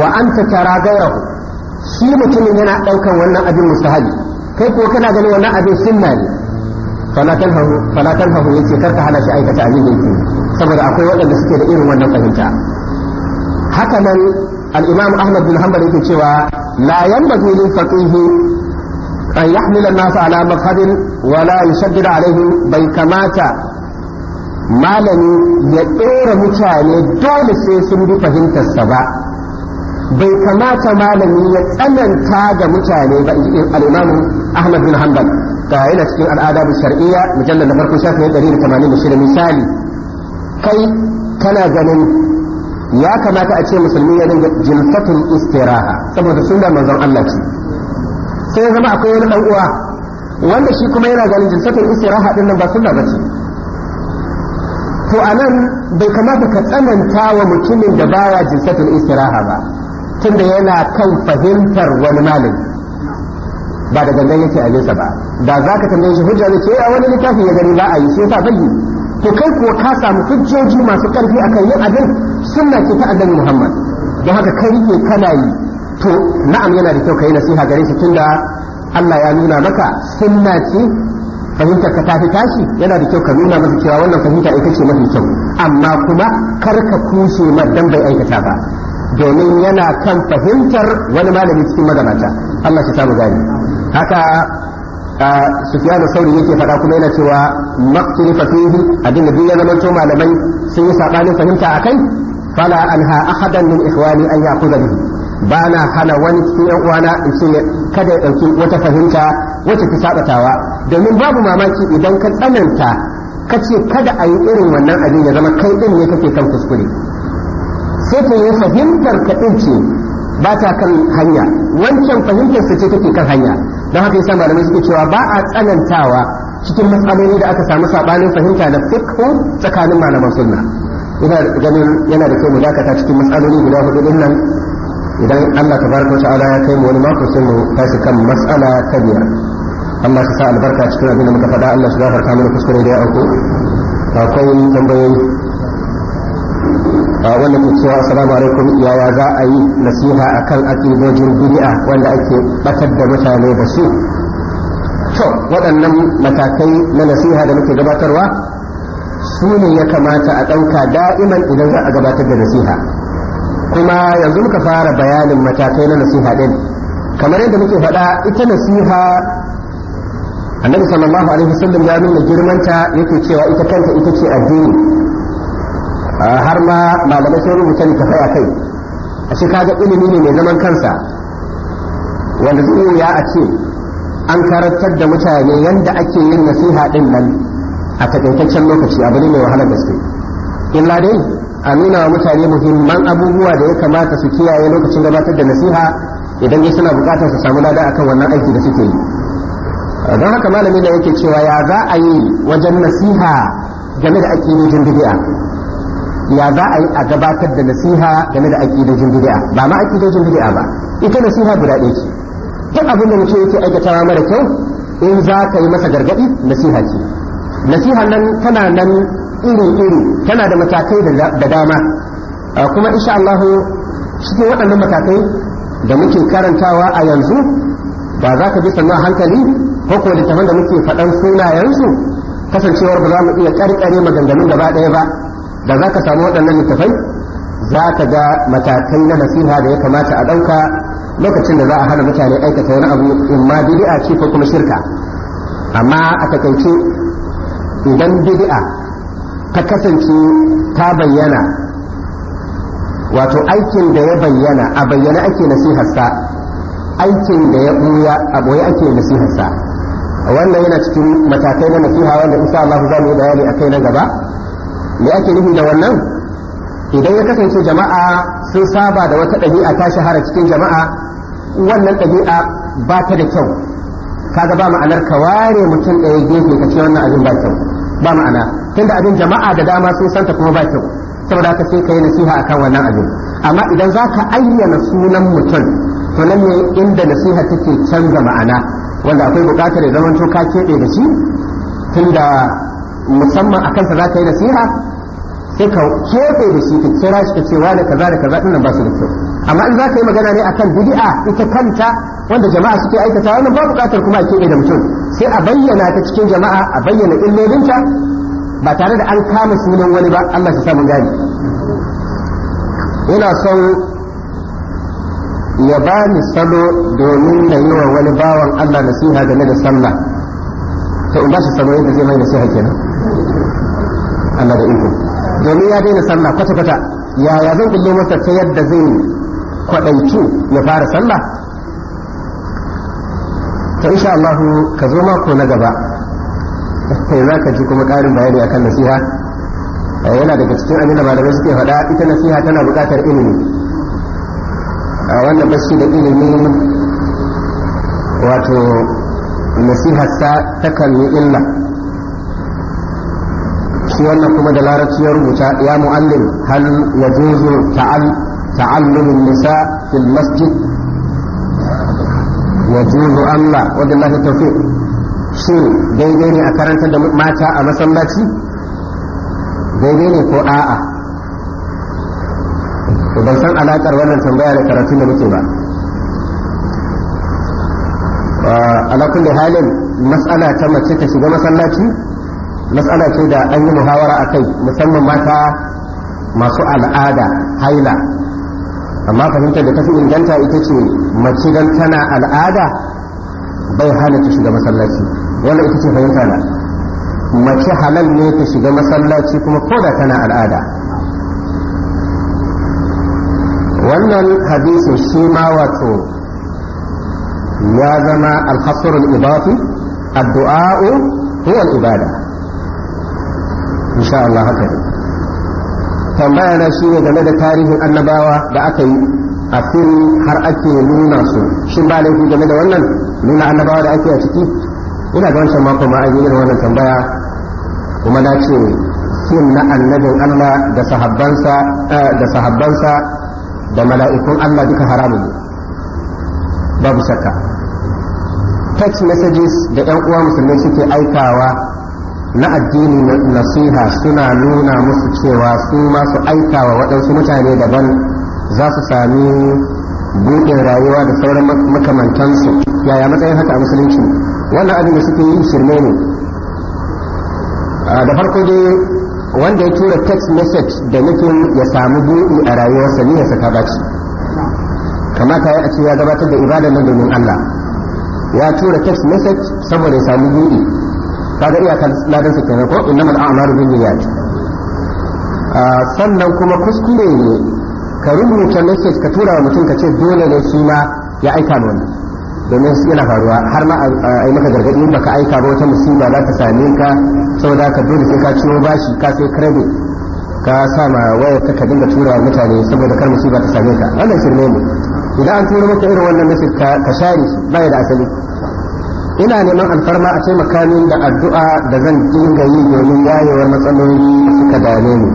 wa anta tara gairahu shi mutumin yana ɗaukan wannan abin mustahabi kai kuwa kana ganin wannan abin sunna ne fala tanhahu yace kar ka hana shi aikata abin yake saboda akwai waɗanda suke da irin wannan fahimta haka nan al-imam ahmad bin hanbal yake cewa la yanbaghi lil an yahmila nasu ala maqadin wala yushaddid alaihim bai kamata malami ya ɗora mutane dole sai sun bi fahimtarsa ba bai kamata malami ya tsananta ga mutane ba al'imamu ahmad bin hanbal ga yana cikin al'ada da shar'iyya mujallar da farko shafi ɗari tamanin da shida misali kai kana ganin ya kamata a ce musulmi ya dinga jilfatul istiraha saboda sunna manzon Allah ce sai zama akwai wani dan uwa wanda shi kuma yana ganin jinsatar istiraha din nan ba sunna ce to anan bai kamata ka tsananta wa mutumin da baya jinsatar istiraha ba tunda yana kan fahimtar wani malin ba da gangan yake a nesa ba da za ka tambaye shi hujja ne ce a wani littafi ya gani ba a yi shi yasa bai to kai kuwa ka samu hujjoji masu karfi akan yin abin sunna ce ta annabi Muhammad don haka kai ne kana yi to na'am yana da kyau ka yi nasiha gare shi tunda Allah ya nuna maka sunna ce fahimta ka tafi tashi yana da kyau ka nuna masa cewa wannan fahimta ita ce mafi kyau amma kuma kar ka kushe dan bai aikata ba domin yana kan fahimtar wani malami cikin magabata Allah shi samu gani haka sufiyanu sauri yake faɗa kuma yana cewa maqtili fatihi abin da duk ya malamai sun yi sabanin fahimta akai fala anha ahadan min ikhwani an ya'khudha bihi ba na hana wani cikin yan uwana in ce kada ya ɗauki wata fahimta wacce ta sabatawa domin babu mamaki idan ka tsananta ka ce kada a yi irin wannan abin ya zama kai ɗin ne kake kan kuskure sai ta yi fahimtar ka ɗin ba ta kan hanya wancan fahimtar su ce take kan hanya don haka yasa malamai suke cewa ba a tsanantawa cikin matsaloli da aka samu sabanin fahimta na fikhu tsakanin malaman sunna ina ganin yana da kyau mu dakata cikin matsaloli guda hudu din nan idan Allah ta tabaraka ta'ala ya kai mu wani mako sai mu tashi kan matsala ta biyar Allah ka sa albarka cikin abin da muka faɗa Allah shi gafarta mana kuskure da ya Ko akwai tambayoyi wanda ke cewa assalamu alaikum yaya za a yi nasiha akan aqidojin bid'a wanda ake batar da mutane da su to waɗannan matakai na nasiha da muke gabatarwa su ne ya kamata a ɗauka da'iman idan za a gabatar da nasiha kuma yanzu muka fara bayanin matakai na nasiha din kamar yadda muke faɗa ita nasiha annabi sallallahu alaihi wasallam ya nuna girmanta yake cewa ita kanta ita ce addini har ma malamai sun rubuta ta a kai a shi kaga ilimi ne mai zaman kansa wanda zai ya a ce an karantar da mutane yadda ake yin nasiha din nan a takaitaccen lokaci abu ne mai wahalar gaske illa dai a nuna wa mutane muhimman abubuwa da ya kamata su kiyaye lokacin gabatar da nasiha idan ya suna bukatar su samu lada akan wannan aiki da suke yi don haka malami da yake cewa ya za a yi wajen nasiha game da aƙidojin bid'a ya za a yi a gabatar da nasiha game da aƙidojin bid'a ba ma aƙidojin bid'a ba ita nasiha guda ɗaya ce duk abin da mutum yake aikatawa mara kyau in za ka yi masa gargaɗi nasiha ce nasiha nan tana nan iri-iri tana da matakai da dama ah, kuma insha Allah cikin waɗannan matakai da muke karantawa a yanzu ba za ka bi sannu hankali ko ko littafin da muke faɗan sunayensu kasancewar ba za mu iya ƙarƙare maganganun gaba ɗaya ba da za ka samu waɗannan littafai za ka ga matakai na nasiha da ya kamata a ɗauka lokacin da za a hana mutane aikata wani abu in ma bid'a ce ko kuma shirka amma a takaice idan bid'a ta kasance ta bayyana wato aikin da ya bayyana a bayyana ake nasiharsa aikin da ya buya a boye ake nasiharsa wannan yana cikin matakai na nasiha wanda insha Allah za mu yi bayani akai nan gaba me ake nufi da wannan idan ya kasance jama'a sun saba da wata ɗabi'a ta shahara cikin jama'a wannan ɗabi'a ba ta da kyau kaga ba ma'anar ka ware mutum ɗaya gefe ka ce wannan abin ba kyau ba ma'ana tunda abin jama'a da dama sun santa kuma ba kyau saboda ka sai ka yi nasiha akan wannan abin amma idan za ka ayyana sunan mutum to nan ne inda nasiha take canza ma'ana wanda akwai buƙatar ya to ka keɓe da shi tunda musamman a kansa za ka yi nasiha sai ka kefe da shi ka kira shi ka cewa da kaza da kaza din nan ba su da kyau amma in za ka yi magana ne akan bid'a ita kanta wanda jama'a suke aikata wannan ba buƙatar kuma a kebe da mutum sai a bayyana ta cikin jama'a a bayyana illolinta ba tare da an kama sunan wani ba Allah ya sa mun gane ina son ya ba ni salo domin na yi wa wani bawan Allah nasiha game da sallah to in ba shi salo yadda zai mai nasiha kenan Allah da iko domin ya daina sallah kwata-kwata ya ya zan kullo masa ta yadda zai kwadaitu ya fara sallah ta insha Allah ka zo mako na gaba sai eh, za ji kuma karin bayani akan nasiha eh, yana daga cikin abin da malamai suke faɗa ita nasiha tana buƙatar ilimi a wannan bashi da ilimi wato nasiha ta kan yi illa wannan kuma da larabci ya rubuta ya mu'allim hal yajuzu ta'al ta'allum nisa fil masjid yajuzu Allah wa billahi tawfiq shin daidai ne a karanta da mata a masallaci daidai ne ko a'a ban san alaƙar wannan tambaya da karatun da muke ba ah, ala kulli halin mas'ala ta mace ta shiga masallaci matsala ce da an yi muhawara a kai musamman mata masu al'ada haila amma fahimtar da tafi inganta ita ce mace don tana al'ada bai hana ta shiga masallaci wannan ita ce fahimta na mace halal ne ta shiga masallaci kuma ko da tana al'ada wannan hadisin shi ma wato ya zama alhassurul ibafi addu'a'u huwa ibada insha Allah haka ne tambaya na shi ne game da tarihin annabawa da aka yi a fili har ake nuna su shin ba laifi game da wannan nuna annabawa da ake a ciki ina ga wancan mako ma an yi wannan tambaya kuma na ce fim na annabin Allah da sahabbansa eh, da sahabbansa da mala'ikun Allah duka haramun ne babu shakka text messages da 'yan uwa musulmai suke aikawa na addini nasiha suna nuna musu cewa su masu aika wa waɗansu mutane daban za su sami buɗin rayuwa da sauran makamantansu yaya matsayin haka a musulunci wannan abin da suke yi shirme ne da farko dai wanda ya tura text message da nufin ya samu buɗi a rayuwarsa ne ya saka baci kamata ya ce ya gabatar da ibadar nan domin Allah ya tura text message saboda ya samu buɗi kaga iyakar ladan su kenan ko innamal a'malu bin niyyat ah, sannan kuma kuskure ne ka rubuta message ka tura wa mutum ka ce dole ne shi ma ya aika ma wani domin yana faruwa har ma a yi maka gargaɗi baka aika ba wata musiba za ta same ka saboda ka dole sai ka ciwo bashi ka sai credit ka sa ma waya ka ka dinga tura mutane saboda kar musiba ta same ka wannan shirme ne idan an tura maka irin wannan message ka share shi bai da asali ina neman alfarma a taimaka min da addu'a da zan dinga yi domin yayewar matsaloli suka dame ni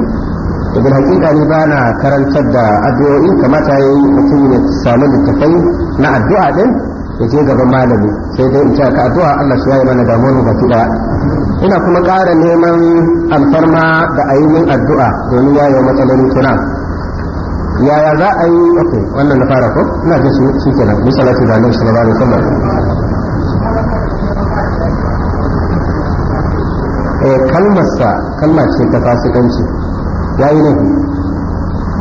ibn hakika ne ba na karantar da addu'o'i kamata ya yi mutum ya samu littattafai na addu'a din ya je gaban malami sai dai in ce ka addu'a Allah shi yayi mana da mu ga da ina kuma ƙara neman alfarma da a yi min addu'a domin yayewar matsaloli kira yaya za a yi ok wannan na fara ko ina jin shi kenan misalatu da Annabi sallallahu alaihi wasallam Eh, kalmarsa kalma ce ta fasikanci ya yi nufi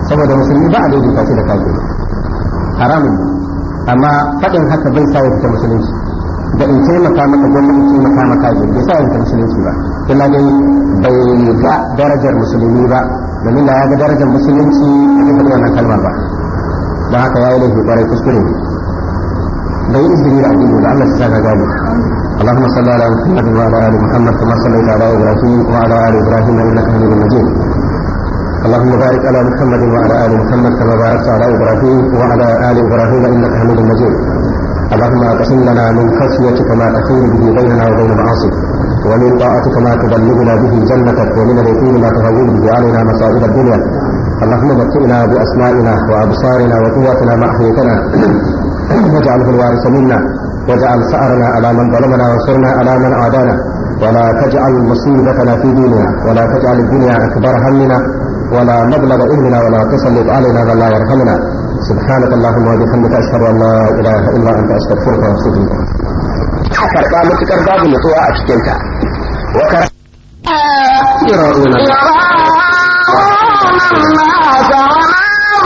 saboda musulmi ba a daidaita shi da kafiri haramun ne amma faɗin haka bai sa ya fita musulunci da in taimaka maka gwamnati in taimaka maka ji bai sa ya fita musulunci ba kuma dai bai ga darajar musulmi ba domin da ya ga darajar musulunci a cikin wannan kalma ba don haka ya yi nufi ƙwarai kuskure bai yi izini da addini da Allah su sa ka gane اللهم صل على محمد وعلى ال محمد كما صليت على ابراهيم وعلى ال ابراهيم انك حميد مجيد اللهم بارك على محمد وعلى ال محمد كما باركت على ابراهيم وعلى ال ابراهيم انك حميد مجيد اللهم اقسم لنا من خشيتك ما تحول به بيننا وبين معاصيك ومن طاعتك ما تبلغنا به جنتك ومن اليقين ما تهون به علينا مصائب الدنيا اللهم متعنا باسمائنا وابصارنا وقوتنا ما احييتنا واجعله الوارث منا واجعل ثأرنا على من ظلمنا وانصرنا على من عادانا ولا تجعل مصيبتنا في ديننا ولا تجعل الدنيا أكبر همنا ولا مبلغ علمنا ولا تسلط علينا ولا يرحمنا سبحانك اللهم وبحمدك أشهد أن لا إله إلا أنت أستغفرك وأتوب إليك. karɓa matuƙar babu nutsuwa a cikinta. يرون الناس وما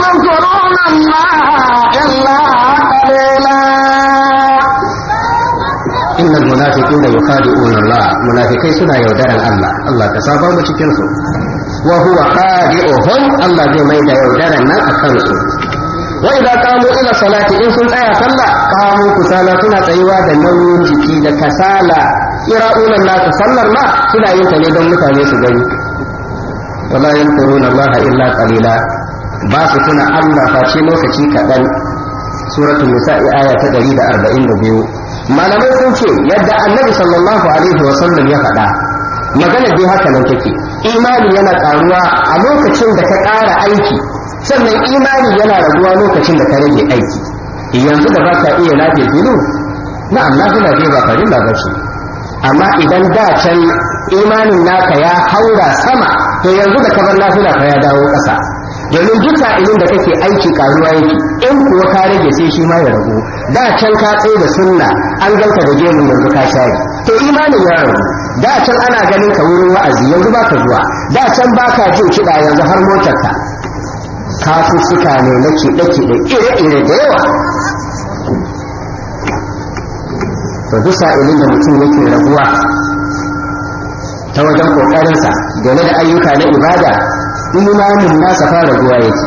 ينكرون الناس إلا قليلا munafiquna yukhadi'una Allah munafikai suna yaudaran Allah Allah ta saba mu cikin su wa huwa khadi'uhum Allah zai mai da yaudaran nan a su, wa idza qamu ila salati in sun tsaya sallah qamu kusala suna tsayuwa da nauyin jiki da kasala ira'una nasu sallar ma suna yin ta ne don mutane su gani wala yankuruna Allah illa qalila ba su tuna Allah face lokaci kaɗan suratul nisa'i aya ta 142 malamai sun ce yadda annabi sallallahu alaihi wa sallam ya faɗa magana dai haka nan take imani yana ƙaruwa a lokacin da ka ƙara aiki sannan imani yana raguwa lokacin da ka rage aiki eh, yanzu da ba ka iya lafiya filu na Allah suna dai ba farilla ba ce amma idan da can imanin naka ya haura sama to yanzu da ka bar lafiya ka ya dawo ƙasa domin duka ilin da kake aiki karuwa yake in kuwa ka rage sai shi ma ya ragu da can ka tsaye da sunna an ganka da gemun yanzu ka shari to imanin ya ragu da can ana ganin ka wurin wa'azi yanzu ba ka zuwa da can ba jin kiɗa yanzu har motarka kafuffuka ne na kiɗe-kiɗe ire-ire da yawa to bisa ilin da mutum yake raguwa ta wajen ƙoƙarinsa gane da ayyuka na ibada imanin nasa fara zuwa yake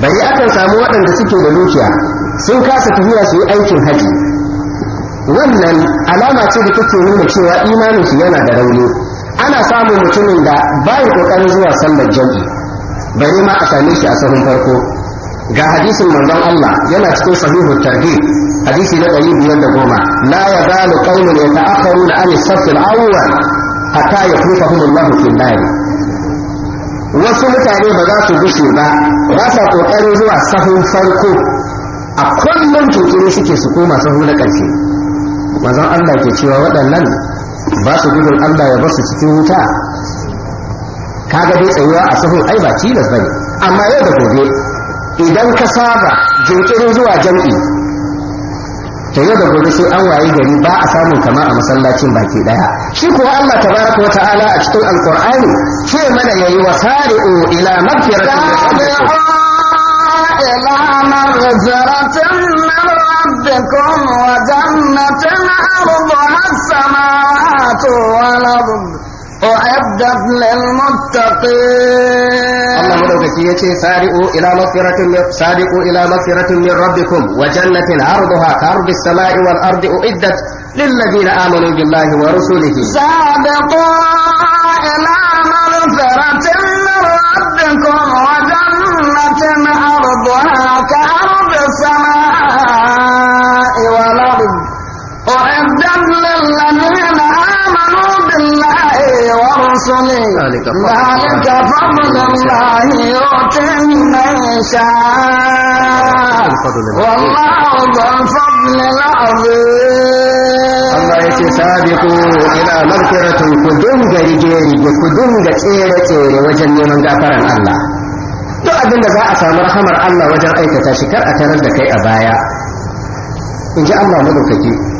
bari akan samu waɗanda suke da dukiya sun kasa tafiya su yi aikin haji wannan alama ce da take nuna cewa imanin su yana da rauni ana samun mutumin da bayi kokarin zuwa sallar jam'i bari ma a same shi a sahun farko ga hadisin manzon Allah yana cikin sahihu tarbi hadisi na goma. la yazalu qaumun yata'akhkharuna an safil awwal hatta yakhluqahum Allah nar wasu mutane ba za su gushe ba ba sa ƙoƙarin zuwa sahun farko a kullum kekere suke su koma sahu na ƙarshe mazan allah ke cewa waɗannan ba su gudun allah ya basu cikin wuta kaga dai tsayuwa a sahun ai ba tilas ba ne amma yau da gobe idan ka saba jinkirin zuwa jam'i to yau da gobe sai an waye gari ba a samun kama a masallacin baki daya shi kuwa Allah tabaraka wa ta'ala a cikin alqur'ani ce mana yayi wasari'u ila magfiratin min ربكم وجنة عرضها السماوات والأرض أعدت للمتقين الله مدوكي يتي سارئوا إلى مغفرة سارئوا إلى مغفرة من ربكم وجنة عرضها كعرض السماء والأرض أعدت للذين آمنوا بالله ورسوله سابقوا إلى مغفرة من ربكم وجنة عرضها كعرض السماء والأرض حسن ذلك فضل الله يؤتيه من يشاء Allah ya ce sabiku ila magfiratun ku dinga rige-rige ku dinga tsere-tsere wajen neman gafaran Allah duk abin da za a samu rahamar Allah wajen aikata shi kar a tarar da kai a baya in ji Allah madaukaki